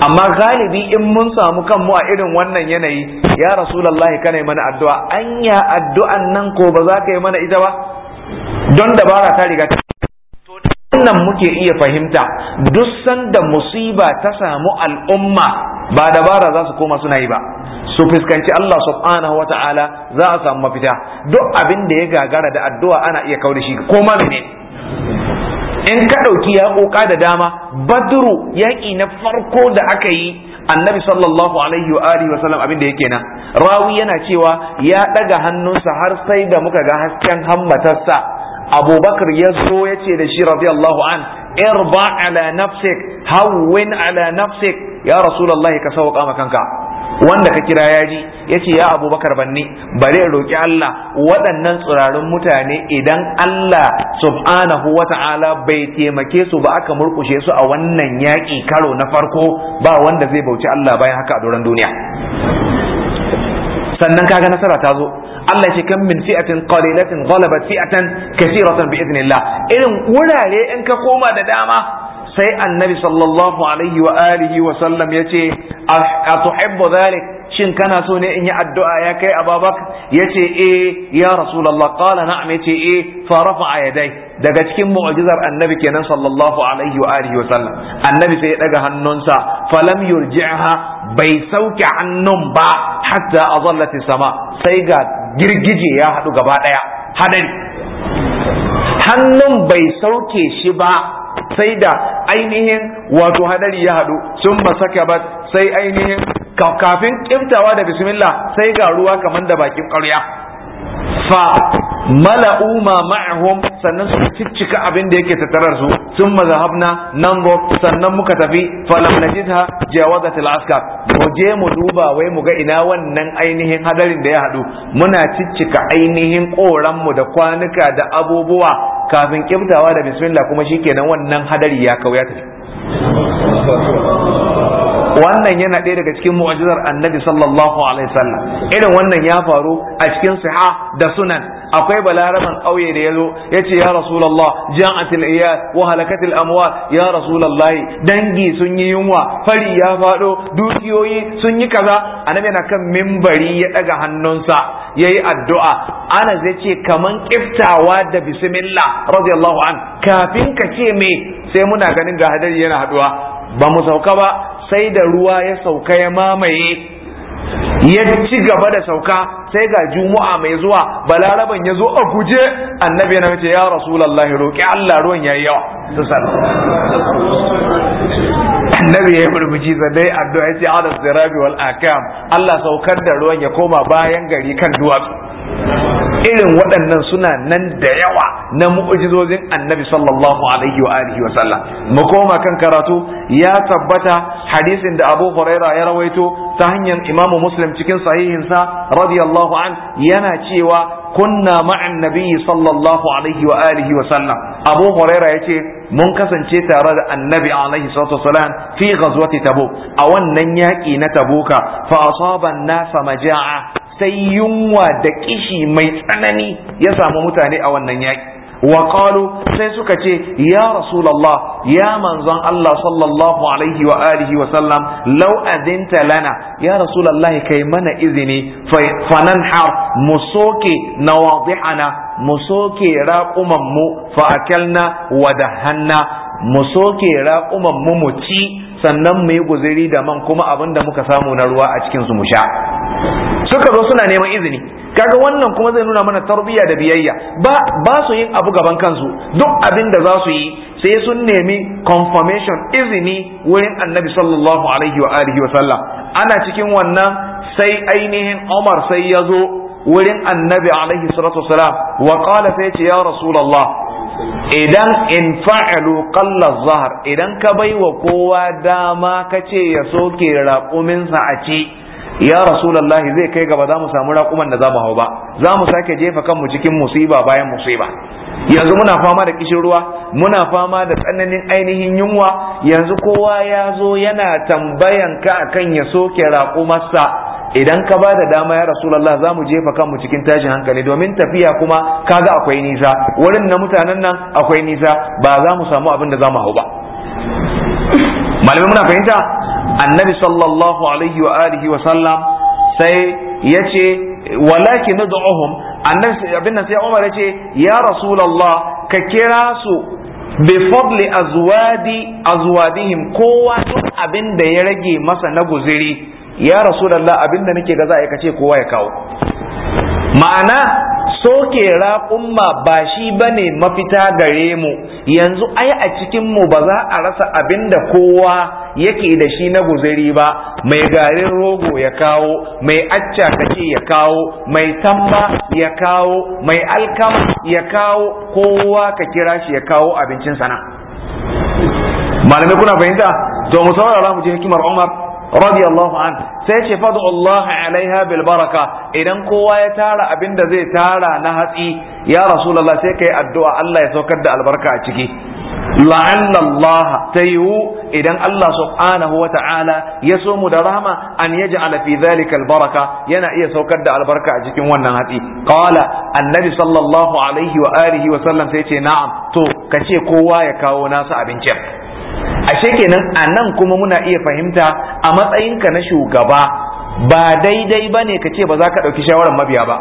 amma galibi in mun samu kanmu a irin wannan yanayi ya rasulullahi kana yi mana addu'a anya addu'an nan ko ba za ka yi mana ita ba don dabara ta riga ta wannan muke iya fahimta duk sanda musiba ta samu al'umma ba dabara za su koma suna yi ba su fuskanci Allah subhanahu wa ta'ala za a samu mafita duk abin da ya gagara da addu'a ana iya kawo da shi koma ne in ka ɗauki yaƙoƙa da dama badru yaƙi na farko da aka yi annabi sallallahu alaihi wa alihi wa sallam abin da yake na rawi yana cewa ya ɗaga hannunsa har sai da muka ga hasken hammatarsa abubakar ya zo ya ce da shi radiyallahu an irba ala nafsik hawwin ala nafsik ya rasulullah ka sauka ma kanka wanda ka kira ya ji ya ce ya abubakar banni bari in roƙi Allah waɗannan tsirarin mutane idan Allah subhanahu wa ta'ala bai taimake su ba aka murƙushe su a wannan yaƙi karo na farko ba wanda zai bauci Allah bayan haka a doron duniya sannan kaga nasara ta zo Allah ce kan min fi'atin qalilatin ghalabat fi'atan kathiratan bi idnillah irin wurare in ka koma da dama sai annabi sallallahu alaihi wa alihi wa sallam yace atuhibbu dhalik shin kana so ne in yi addu'a ya kai ababak ya ce e ya rasulallah qala na'am ya ce e eh, fa rafa'a yadai daga cikin mu'jizar annabi kenan sallallahu alaihi wa alihi wa sallam annabi sai ya daga hannunsa falam yurji'ha bai sauke hannun ba hatta azallati sama sai ga girgije ya haɗu gaba ɗaya hadari hannun bai sauke shi ba sai da ainihin wato hadari ya hadu sun ba sai ainihin kafin kimtawa da bismillah sai ga ruwa kamar da bakin ƙarya fa mala'u ma ma'ahum sannan su ciccika abin da yake tattarar su sun mazahabna nan sannan muka tafi lam najidha jawazat al-askar mu je mu duba wai mu ga ina wannan ainihin hadarin da ya hadu muna ciccika ainihin koran mu da kwanuka da abubuwa kafin kiftawa da bismillah kuma shi shikenan wannan hadari ya kawo ya tafi wannan yana ɗaya daga cikin mu'ajizar annabi sallallahu alaihi wasallam irin wannan ya faru a cikin siha da sunan akwai balaraban ƙauye da ya zo ya ce ya rasulallah ja'atil iyal wa halakatil amwal ya rasulallah dangi sun yi yunwa fari ya faɗo dukiyoyi sun yi kaza annabi yana kan mimbari ya daga hannunsa yayi addu'a Anas zai ce kaman kiftawa da bismillah radiyallahu an kafin ka ce me sai muna ganin ga hadari yana haduwa ba mu sauka ba sai da ruwa ya sauka ya mamaye ya ci gaba da sauka sai ga juma'a mai zuwa balaraban ya zo a guje annabi yana ce ya rasulullahi roƙi Allah ruwan yayi yawa su annabi ya murmushi dai addu'a ya ce ala zirabi wal akam Allah saukar da ruwan ya koma bayan gari kan duwatsu irin waɗannan suna nan da yawa na mu'ujizozin annabi sallallahu alaihi wa alihi wa sallam mu koma kan karatu ya tabbata hadisin da Abu Huraira ya rawaito ta hanyar Imam Muslim cikin sahihinsa radiyallahu an yana cewa kunna ma'an nabiyyi sallallahu alaihi wa alihi wa sallam abu huraira yace mun kasance tare da annabi alaihi salatu wasalam fi ghazwati tabuk a wannan yaki na tabuka fa asaba an-nasa majaa sai yunwa da kishi mai tsanani ya samu mutane a wannan yaki wa qalu sai suka ce ya rasulullah ya manzon Allah sallallahu alaihi wa alihi wa sallam law adinta lana ya rasulullah kai mana izini fananhar musoke nawadihana musoke raquman mu fa akalna wa dahanna musoke raquman mu mu ci sannan mu yi guziri da man kuma abinda muka samu na ruwa a cikin su mu sha suka zo suna neman izini kaga wannan kuma zai nuna mana tarbiyya da biyayya ba ba su yin abu gaban kansu duk abin da za su yi sai sun nemi confirmation izini wurin annabi sallallahu alaihi wa alihi wa sallam ana cikin wannan sai ainihin Umar sai ya zo wurin annabi alaihi salatu wasalam wa qala sai ce ya rasulullah idan in fa'alu qalla zahar idan ka baiwa kowa dama kace ya soke raƙuminsa a ce ya rasulallahi zai kai gaba za mu samu raƙuman da za mu hau ba za mu sake jefa kanmu cikin musiba bayan musiba yanzu muna fama da kishin ruwa muna fama da tsananin ainihin yunwa yanzu kowa ya zo yana tambayan ka akan ya soke raƙumarsa idan ka ba da dama ya rasu za mu jefa kanmu cikin tashin hankali domin tafiya kuma kaga akwai nisa wurin na mutanen nan akwai nisa ba za mu samu abin da za mu hau ba Malamin muna fahimta annabi sallallahu alaihi wa alihi wa sallam sai ya ce walakin nad'uhum annabi abin nan sai Umar ya ce ya rasulullah ka kira su bi fadli azwadi azwadihim kowa duk abin da ya rage masa na guziri ya rasulullah abin da nake ga za a kowa ya kawo ma'ana soke raƙumma ba shi bane mafita gare mu yanzu ai a cikin mu ba za a rasa abin da kowa yake da shi na guzuri ba mai garin rogo ya kawo mai acca kake ya kawo mai tamba ya kawo mai alkam ya kawo kowa ka kira shi ya kawo abincin sana malamai kuna fahimta to mu saurara mu ji hikimar Umar radiyallahu an sai ce fadu Allah alaiha bil baraka idan kowa ya tara abin da zai tara na hatsi ya rasulullah sai kai addu'a Allah ya saukar da albarka a ciki la'alla Allah tayu idan Allah subhanahu wa ta'ala ya so mu da rahama an yaj'ala fi dhalika al baraka yana iya saukar da albarka a cikin wannan hatsi qala annabi sallallahu alaihi wa alihi wa sallam sai ce na'am to kace kowa ya kawo nasa abincin ashe kenan a nan kuma muna iya fahimta a matsayinka na shugaba ba daidai ba ne ka ce ba za ka ɗauki shawarar mabiya ba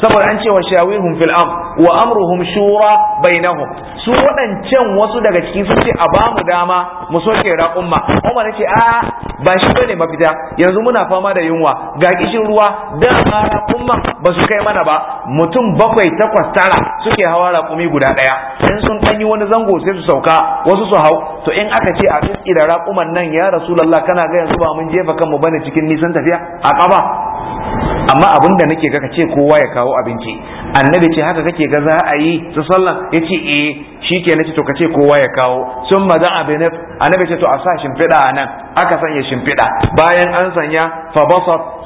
saboda an cewa shawihun fil wa amruhum shura bainahum su waɗancan wasu daga ciki sun ce a bamu dama mu soke raƙumma Umar ce a ba shi bane mafita yanzu muna fama da yunwa ga kishin ruwa da ma raƙumman ba su kai mana ba mutum bakwai takwas tara suke hawa raƙumi guda ɗaya in sun ɗanyi wani zango sai su sauka wasu su hau to in aka ce a tsitsi da raƙuman nan ya rasulullah kana ga yanzu ba mun jefa kanmu bane cikin nisan tafiya a ƙaba amma abin da nake ga kace kowa ya kawo abinci annabi ce haka kake ga za a yi su sallah yace eh shike nace to kace kowa ya kawo sun maza abinaf annabi ce to a sa shimfiɗa a nan aka sanya shimfiɗa bayan an sanya fa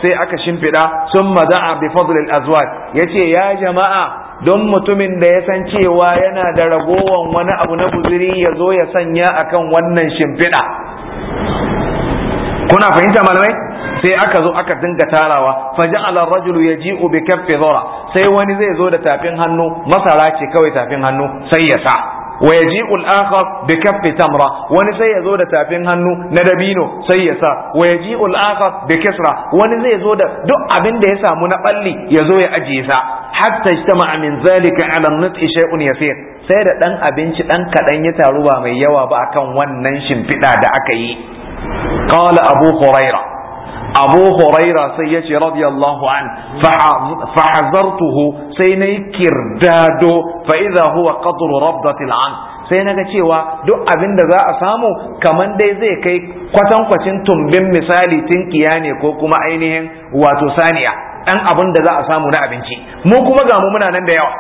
sai aka shimfiɗa sun maza bi fadlil azwaj ce ya jama'a don mutumin da ya san cewa yana da ragowan wani abu na buziri ya zo ya sanya akan wannan shimfiɗa kuna fahimta malamai sai aka zo aka dinga tarawa faja'ala ar rajul yaji'u bi kaffi dhara sai wani zai zo da tafin hannu masara ce kawai tafin hannu sai ya sa wa yaji'u al-akhar bi kaffi tamra wani sai ya zo da tafin hannu na dabino sai ya sa wa yaji'u al-akhar bi kisra wani zai zo da duk abin da ya samu na balli ya zo ya ajiye sa hatta ijtama'a min zalika 'ala an-nut'i shay'un yasir sai da dan abinci dan kadan ya taru ba mai yawa ba akan wannan shimfiɗa da aka yi qala abu huraira abu huraira sai yace radiyallahu an fahazartuhu sai na yi kirdado fa idza huwa qadru rabdatil sai naga cewa duk abin da za a samu kaman dai zai kai kwatankwacin tumbin misali tinkiya ne ko kuma ainihin wato saniya Ɗan abin da za a samu na abinci mu kuma ga mu muna nan da yawa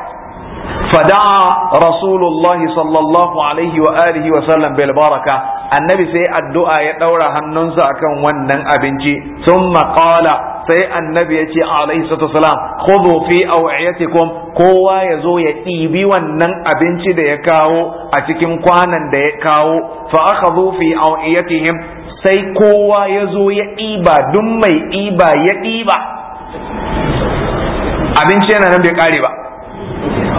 فدعا رسول الله صلى الله عليه وآله وسلم بالبركة annabi sai addu'a ya ɗaura hannunsa akan wannan abinci sun maƙala sai annabi ya ce alaihi salatu wasalam khudhu fi aw'iyatikum kowa ya zo ya ɗibi wannan abinci da ya kawo a cikin kwanan da ya kawo fa akhadhu fi aw'iyatihim sai kowa ya zo ya ɗiba duk mai ɗiba ya ɗiba abinci yana nan bai kare ba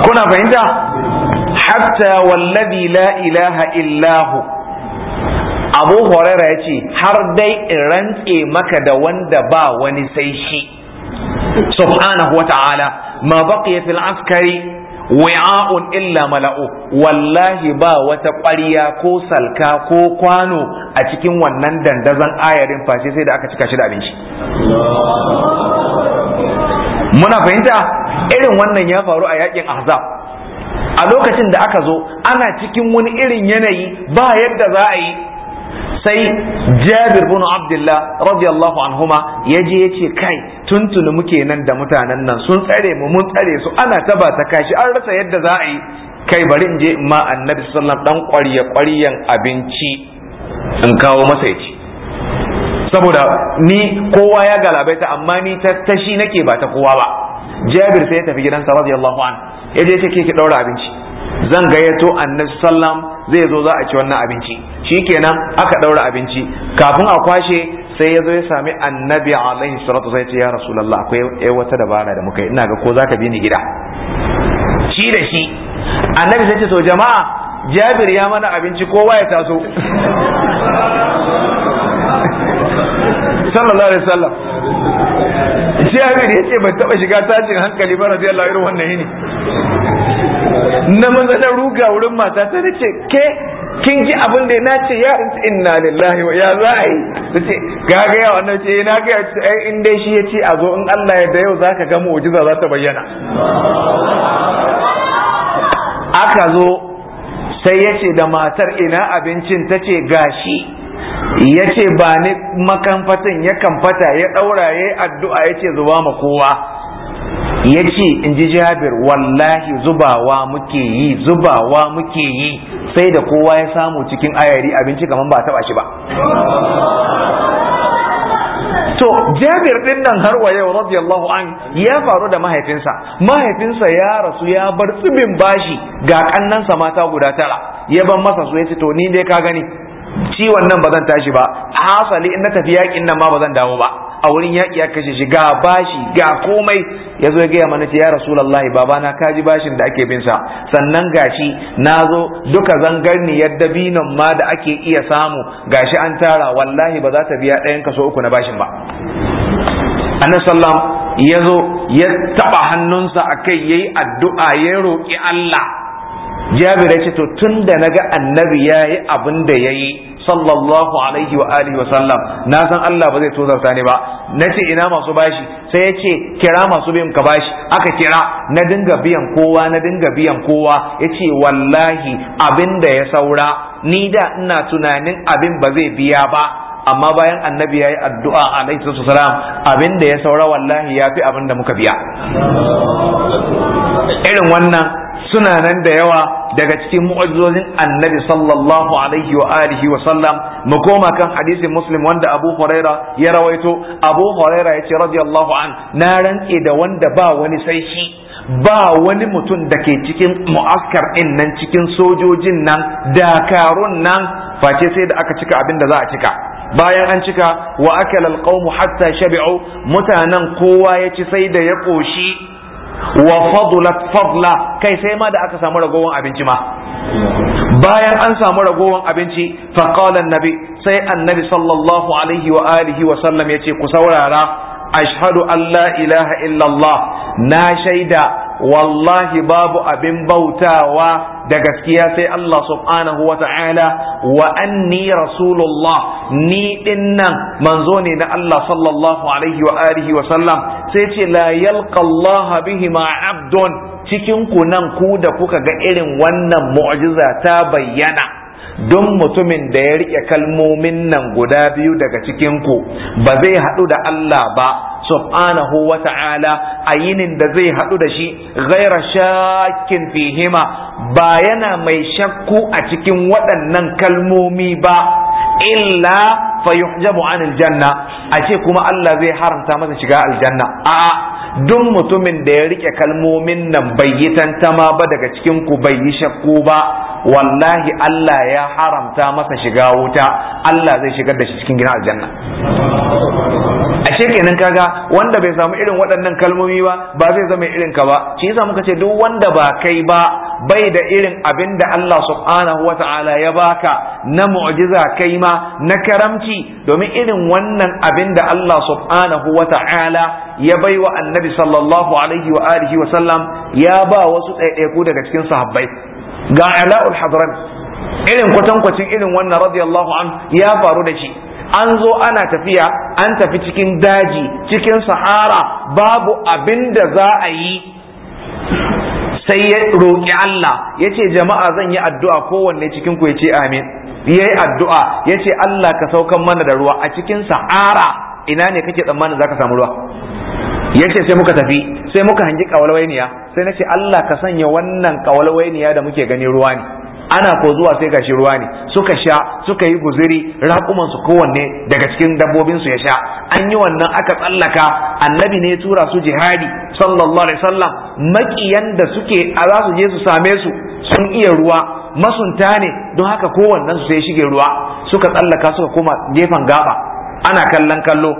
kuna fahimta hatta wallazi la ilaha illahu abu horera ya ce har dai in rantse maka da wanda ba wani sai shi subhanahu wa ta'ala ma baqiya fil askari wi'a'un illa mala'u wallahi ba wata ƙwarya ko salka ko kwano a cikin wannan dandazon ayarin fashe sai da aka cika shi da abinci muna fahimta irin wannan ya faru a yakin ahzab a lokacin da aka zo ana cikin wani irin yanayi ba yadda za a yi sai jabir bin abdullah radiyallahu anhuma ya je yace kai tuntuni muke nan da mutanen nan sun tsare mu mun tsare su ana ta ba ta kashi an rasa yadda za a yi kai bari in je ma annabi sallallahu dan ƙwarya ƙwaryan abinci in kawo masa ya ci saboda ni kowa ya galabaita amma ni ta tashi nake ba ta kowa ba jabir sai ya tafi gidansa radiyallahu an yaje yace ke ki daura abinci zan gayyato annabi sallam zai zo za a ci wannan abinci shikenan aka daura abinci kafin a kwashe sai ya zo ya sami annabi alaihi salatu sai ya rasulullah akwai wata dabara da muka yi ina ga ko zaka bi ni gida shi da shi annabi sai ce to jama'a jabir ya mana abinci kowa ya taso sallallahu alaihi wasallam jabir ya ce bai taba shiga tashin hankali ba radiyallahu anhu wannan yini na mun zata ruga wurin mata ta ce ke kin ji abin da na ce ya rinta inna lillahi wa ya za a ga ga eh, na ce na ga ce in dai shi ya ce a zo in Allah ya da yau zaka ga mu'jiza za ta bayyana aka zo sai ya ce da matar ina abincin ta ce gashi ya ce ba ni makamfatin ya kamfata ya ɗaura ya addu'a ya ce zuba ma kowa ya ce in ji jabir wallahi zubawa muke yi zubawa muke yi sai da kowa ya samu cikin ayari abinci kamar ba taba shi ba to jabir din nan har wa yau radiyallahu an ya faru da mahaifinsa mahaifinsa ya rasu ya bar tsibin bashi ga kannansa mata guda tara ya ban masa su ya ce to ni dai ka gani ciwon nan ba zan tashi ba hasali in na tafi yakin nan ma ba zan dawo ba a wurin yaƙi ya kashe shi ga bashi ga komai ya zo ya gaya mana ce ya rasulallah babana ka ji bashin da ake bin sa sannan gashi na zo duka zangarni yadda binan ma da ake iya samu gashi an tara wallahi ba za ta biya ɗayan kaso uku na bashin ba annabi sallam ya zo ya taɓa hannunsa akai yayi addu'a ya roƙi Allah jabir ya ce to tunda naga annabi yayi yi abin da ya yi sallallahu alaihi wa alihi wa sallam na san Allah ba zai tozarta ni ba Na ce ina masu bashi sai yace kira masu biyan ka bashi aka kira na dinga biyan kowa na dinga biyan kowa yace wallahi abin da ya saura ni da ina tunanin abin ba zai biya ba amma bayan annabi ya yi addu'a alaihi wa sallam abin da ya saura wallahi ya fi abin da muka biya irin wannan suna nan da yawa daga cikin mu'ajizozin annabi sallallahu alaihi wa alihi wa sallam mu koma kan hadisin muslim wanda abu huraira ya rawaito abu huraira ya ce radiyallahu an na rantse da wanda ba wani sai shi ba wani mutum da ke cikin mu'askar din nan cikin sojojin nan dakarun nan face sai da aka cika abin da za a cika bayan an cika wa akala alqawmu hatta shabi'u mutanen kowa ya ci sai da ya koshi wa fadlat fadla kai sai ma da aka samu ragowan abinci ma bayan an samu ragowan abinci fa qala annabi sai annabi sallallahu alaihi wa alihi wa sallam yace ku saurara ashhadu an la ilaha illallah na shaida wallahi babu abin bautawa da gaskiya sai Allah subhanahu wa ta'ala wa anni rasulullah ni dinnan manzo ne na Allah sallallahu alaihi wa alihi wa sallam sai ce la yalqa Allah bihi ma abdun cikin ku nan ku da kuka ga irin wannan mu'jiza ta bayyana don mutumin da ya riƙe kalmomin nan guda biyu daga cikinku ba zai haɗu da Allah ba subhanahu wa ta'ala a yinin da zai haɗu da shi ghaira shakin fihima ba yana mai shakku a cikin waɗannan kalmomi ba illa fa yuhjabu an aljanna a ce kuma Allah zai haramta masa shiga aljanna a duk mutumin da ya rike kalmomin nan bai yi tantama ba daga cikin ku bai yi shakku ba wallahi Allah ya haramta masa shiga wuta Allah zai shigar da shi cikin gidan aljanna ashe kenan kaga wanda bai samu irin waɗannan kalmomi ba ba zai zama irin ka ba shi yasa muka ce duk wanda ba kai ba bai da irin abin da Allah subhanahu wa ta'ala ya baka na mu'jiza kai ma na karamci domin irin wannan abin da Allah subhanahu wa ta'ala ya bai wa annabi sallallahu alaihi wa alihi wa sallam ya ba wasu ɗaiɗaiku daga cikin sahabbai ga ala'ul hadran irin kwatankwacin irin wannan radiyallahu an ya faru da shi an zo ana tafiya an tafi cikin daji cikin sahara babu abin da za a yi sai ya roƙi Allah ya ce jama'a zan yi addu'a kowanne cikin ku ya ce amin ya yi addu'a ya ce Allah ka saukan mana da ruwa a cikin sahara ina ne kake tsammanin za ka samu ruwa ya ce sai muka tafi sai muka hangi ƙawalwainiya sai na ce Allah ka sanya wannan ƙawalwainiya da muke gani ruwa ne ana ko zuwa sai gashi ruwa ne suka sha suka yi guziri raƙuman su kowanne daga cikin dabbobin su ya sha an yi wannan aka tsallaka annabi ne tura su jihadi sallallahu alaihi wasallam makiyan da suke a za su je su same su sun iya ruwa masunta ne don haka kowannen su sai shige ruwa suka tsallaka suka koma gefen gaba ana kallon kallo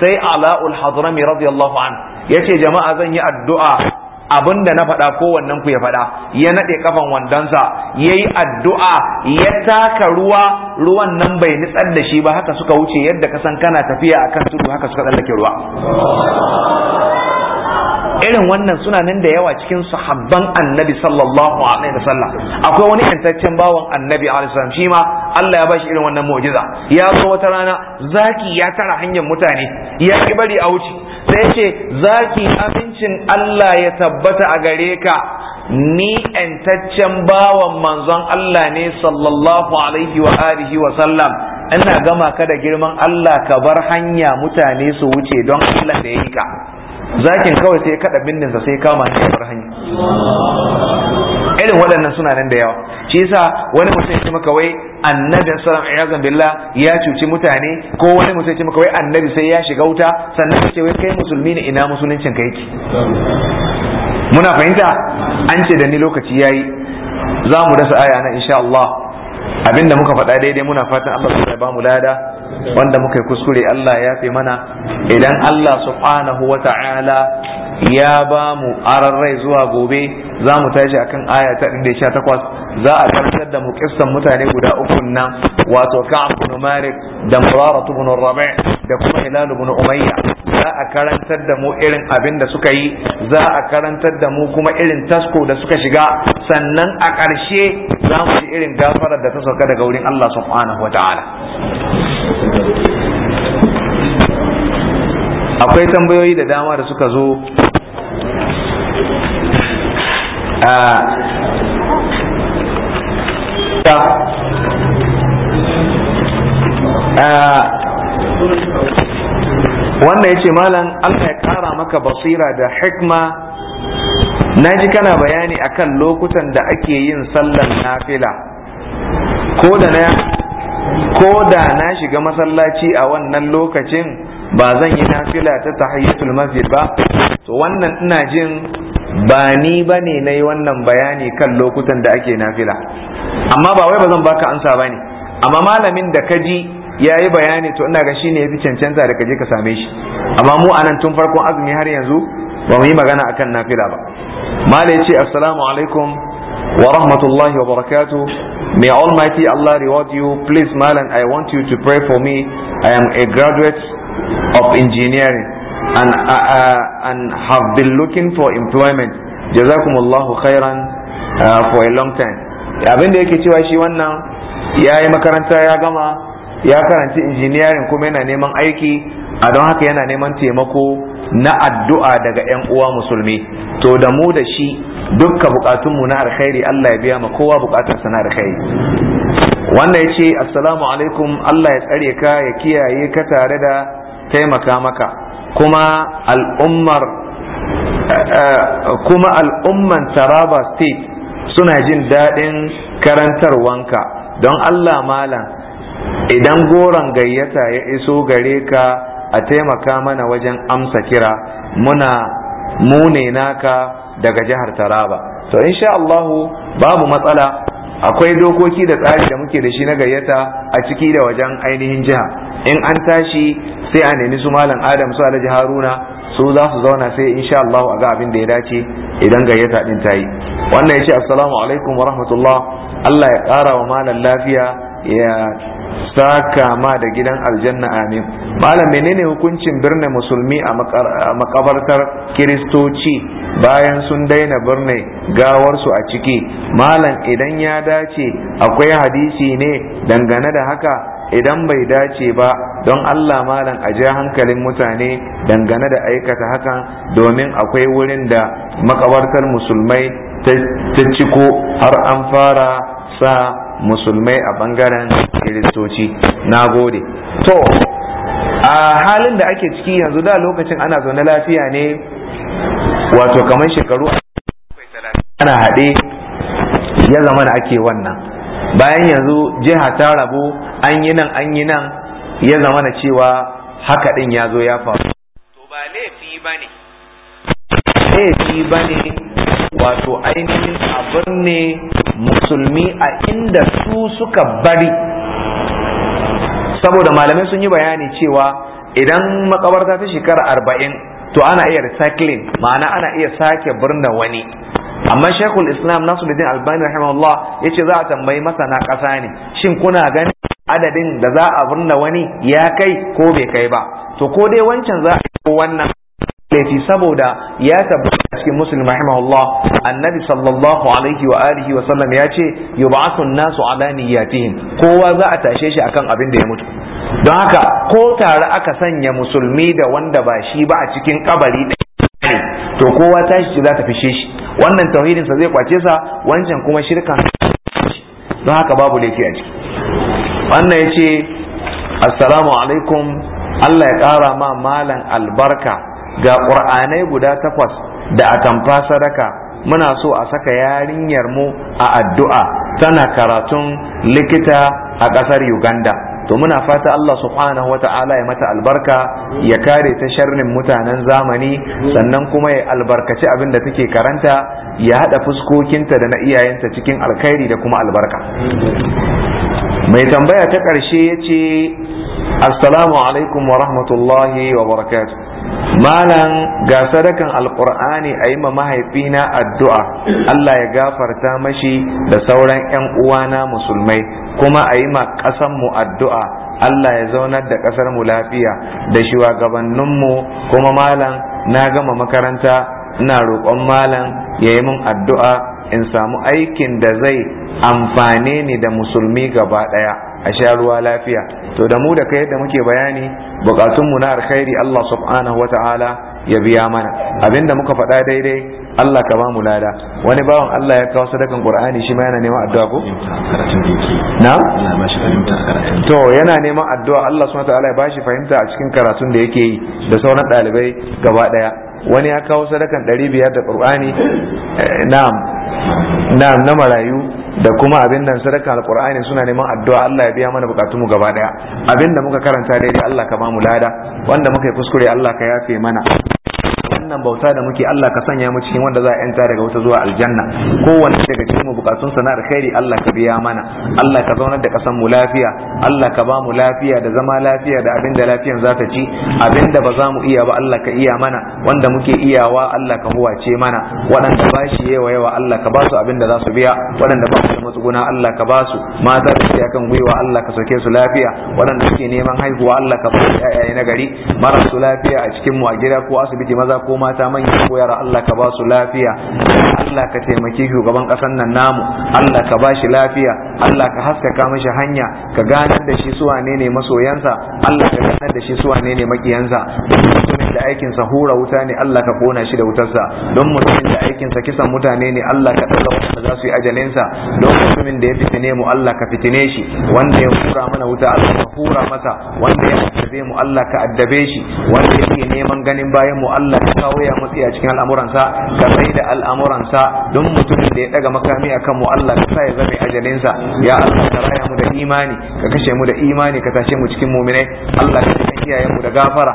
sai ala'ul hadrami radiyallahu an yace jama'a zan yi addu'a abin da na faɗa kowannen ku ya faɗa ya naɗe kafan wandonsa ya yi addu'a ya taka ruwa ruwan nan bai nitsar da shi ba haka suka wuce yadda ka san kana tafiya a kan tudu haka suka tsallake ruwa irin wannan suna nan da yawa cikin sahabban annabi sallallahu alaihi wasallam akwai wani yantaccen bawan annabi alaihi wasallam shi ma Allah ya bashi irin wannan mu'jiza ya zo wata rana zaki ya tara hanyar mutane ya ki bari a wuce sai ce zaki amincin Allah ya tabbata a gare ka ni ‘yantaccen bawan manzon Allah ne sallallahu alaihi wa alihi wa sallam ina gama ka da girman Allah ka bar hanya mutane su wuce don Allah da ya yi ka zakin kawai sai kaɗa bindinsa sai kama hanyar bar hanya irin waɗannan suna nan da yawa shi yasa wani mutum ya ce maka wai annabi sallam iyazan billah ya cuci mutane ko wani mutum ya ce maka wai annabi sai ya shiga wuta sannan ya ce wai kai musulmi ne ina musuluncin ka yake muna fahimta an ce da ni lokaci yayi za mu dasa aya na insha Allah abinda muka faɗa daidai muna fatan Allah ya ba mu lada wanda muka yi kuskure Allah ya fi mana idan Allah subhanahu wa ta'ala ya ba mu aran rai zuwa gobe za mu tashi a kan aya ta takwas, za a karshen da mu kissan mutane guda uku nan wato Ka'ab ibn Malik da Murara ibn Rabi' da kuma Hilal ibn Umayya za a karantar da mu irin abin da suka yi za a karantar da mu kuma irin tasko da suka shiga sannan a ƙarshe za mu ji irin gafarar da ta sauka daga wurin Allah subhanahu wa akwai tambayoyi da dama da suka zo wannan ya ce malam Allah ya kara maka basira da hikma na ji kana bayani akan lokutan da ake yin sallar nafila ko da na shiga masallaci a wannan lokacin ba zan yi nafila ta tahiyatul masjid ba to wannan ina jin ba ni ba ne na yi wannan bayani kan lokutan da ake nafila amma ba wai ba zan baka ansa ba ne amma malamin da ka ji ya yi bayani to ina ga shi ne ya fi cancanta da ka je ka same shi amma mu anan tun farkon azumi har yanzu ba mu yi magana akan nafila ba mala ya ce assalamu alaikum wa rahmatullahi wa barakatuh may almighty allah reward you please malam i want you to pray for me i am a graduate of engineering and, uh, uh, and have been looking for employment jazakumullahu khairan uh, for a long time abin da yake cewa shi wannan ya yi makaranta ya gama ya karanci engineering kuma yana neman aiki a don haka yana neman taimako na addu'a daga 'yan uwa musulmi to da mu da shi dukka bukatunmu na alkhairi Allah ya biya ma kowa bukatarsa na alkhairi wannan ya ce assalamu alaikum Allah ya tsare ka ya kiyaye ka tare da taimaka maka kuma al'ummar eh, eh, kuma al'umman taraba state suna jin daɗin karantarwanka don allah malam idan goron gayyata ya iso gare ka a taimaka mana wajen amsa kira muna mune naka daga jihar taraba to insha allahu babu matsala akwai dokoki da tsari da muke da shi na gayyata a ciki da wajen ainihin jiha in an tashi sai a nemi su malam adam su alhaji haruna su za su zauna sai in sha Allah a ga abin da ya dace idan gayyata din tayi wannan ya ce assalamu alaikum wa rahmatullah Allah ya kara wa malam lafiya ya saka ma da gidan aljanna amin malam menene hukuncin birne musulmi a makabartar kiristoci bayan sun daina birne su a ciki malam idan ya dace akwai hadisi ne dangane da haka idan bai dace ba don Allah malam a ji hankalin mutane dangane da aikata hakan domin akwai wurin da makabartar musulmai ta ciko har an fara sa musulmai a bangaren kiristoci na gode to a halin da ake ciki yanzu da lokacin ana zaune lafiya ne wato kamar shekaru ana haɗe ya zama da ake wannan bayan yanzu jiha ta rabu an yi nan an yi nan ya zama da cewa haka ɗin ya zo ya faru to ba laifi ba ne wato ainihin abin ne musulmi a inda su suka bari saboda malamai sun yi bayani cewa idan makabarta ta shekara arba'in to ana iya recycling ma'ana ana iya sake birnin wani amma shekul islam nasiruddin albani rahimahullah ya ce za a tambayi masana kasa ne shin kuna ganin adadin da za a birnin wani ya kai ko bai kai ba to ko dai wancan za a yi wannan laifi saboda ya tabbata cikin muslim rahimahullah annabi sallallahu alaihi wa alihi wa sallam ya ce yub'athu an-nasu ala niyyatihim kowa za a tashe shi akan abin da ya mutu don haka ko tare aka sanya musulmi da wanda ba shi ba a cikin kabari to kowa tashi ce za ta fishe shi wannan tauhidin sa zai kwace sa wancan kuma shirkan don haka babu laifi a ciki wannan yace assalamu alaikum Allah ya ƙara ma malan albarka ga ƙur'anai guda takwas da atamfa sadaka muna so a saka yarinyar mu a addu'a tana karatun likita a ƙasar Uganda to muna fata Allah subhanahu wata'ala ya mata albarka ya kare ta sharrin mutanen zamani sannan kuma ya albarkaci abin da take karanta ya haɗa fuskokinta da na iyayenta cikin alkhairi da kuma albarka mai tambaya ta ƙarshe ya ce assalamu alaikum wa rahmatullahi wa barakatuh malam ga sadakan alkur'ani a yi ma mahaifina addu'a Allah ya gafarta mashi da sauran 'yan uwana musulmai kuma a yi ma ƙasanmu addu'a Allah ya zaunar da ƙasar mu lafiya da shugabanninmu kuma malam na gama makaranta ina roƙon malam ya yi min addu'a in samu aikin da zai amfane ni da musulmi gaba ɗaya a sha ruwa lafiya to da mu da kai yadda muke bayani bukatunmu na alkhairi Allah subhanahu wata'ala ya biya mana abinda muka faɗa daidai Allah ka ba mu lada wani bawan Allah ya kawo sadakan Qur'ani shi ma yana neman addu'a ko na to yana neman addu'a Allah subhanahu wata'ala ya bashi fahimta a cikin karatun da yake yi da sauran ɗalibai gaba ɗaya wani ya kawo sadakan ɗari biyar da qur'ani eh, na marayu da kuma abin nan sadakan alƙur'ani suna neman addu'a Allah ya biya mana bukatunmu gaba ɗaya abin da muka karanta daidai Allah ka bamu lada wanda muka yi kuskure Allah ka yafe mana wannan bauta da muke Allah ka sanya mu cikin wanda za a yanta daga wata zuwa aljanna kowanne daga cikin mu bukatun sana da khairi Allah ka biya mana Allah ka zaunar da kasan mu lafiya Allah ka ba mu lafiya da zama lafiya da abinda lafiyan za ta ci abinda ba za mu iya ba Allah ka iya mana wanda muke iyawa Allah ka ce mana waɗanda ba shi yawa yawa Allah ka ba su abinda za su biya waɗanda ba su da matsuguna Allah ka ba su mata da suke kan gwiwa Allah ka sauke su lafiya waɗanda suke neman haihuwa Allah ka ba su ƴaƴa na gari marasu lafiya a cikin mu a gida ko asibiti maza ko mata manya ko yara Allah ka ba su lafiya Allah ka taimaki shugaban ƙasar nan namu Allah ka ba shi lafiya Allah ka haskaka mishi hanya ka ganar da shi suwa ne ne masoyansa Allah ka ganar da shi suwa ne ne makiyansa mutumin da aikin sa hura wuta ne Allah ka kona shi da wutarsa don mutumin da aikin sa kisan mutane ne Allah ka ɗaga wanda za su yi sa don mutumin da ya fitine mu Allah ka fitine shi wanda ya hura mana wuta Allah ka hura masa wanda ya addabe mu Allah ka addabe shi wanda yake neman ganin bayan mu Allah ka ya mutu a cikin al'amuransa ka sai da al'amuransa don mutumin da ya daga makami akan mu Allah ka sa ya zame ajalinsa ya Allah ka raya mu da imani ka kashe mu da imani ka tashe mu cikin mu'minai Allah ka san iyayen mu da gafara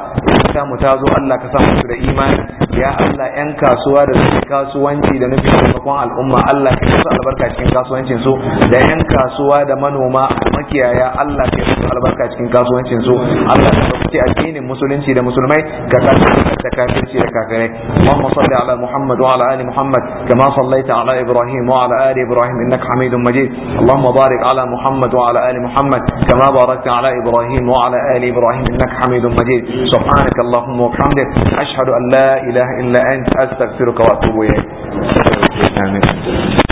ka mu ta zo Allah ka sa mu da imani ya Allah yan kasuwa da su kasuwanci da nufin taimakon al'umma Allah ka sa albarka cikin kasuwancin su da yan kasuwa da manoma makiyaya Allah ka sa albarka cikin kasuwancin su Allah ka a addinin musulunci da musulmai ka kasance da kafirci da اللهم صل على محمد وعلى ال محمد كما صليت على ابراهيم وعلى ال ابراهيم انك حميد مجيد اللهم بارك على محمد وعلى ال محمد كما باركت على ابراهيم وعلى ال ابراهيم انك حميد مجيد سبحانك اللهم وبحمدك اشهد ان لا اله الا انت استغفرك واتوب اليك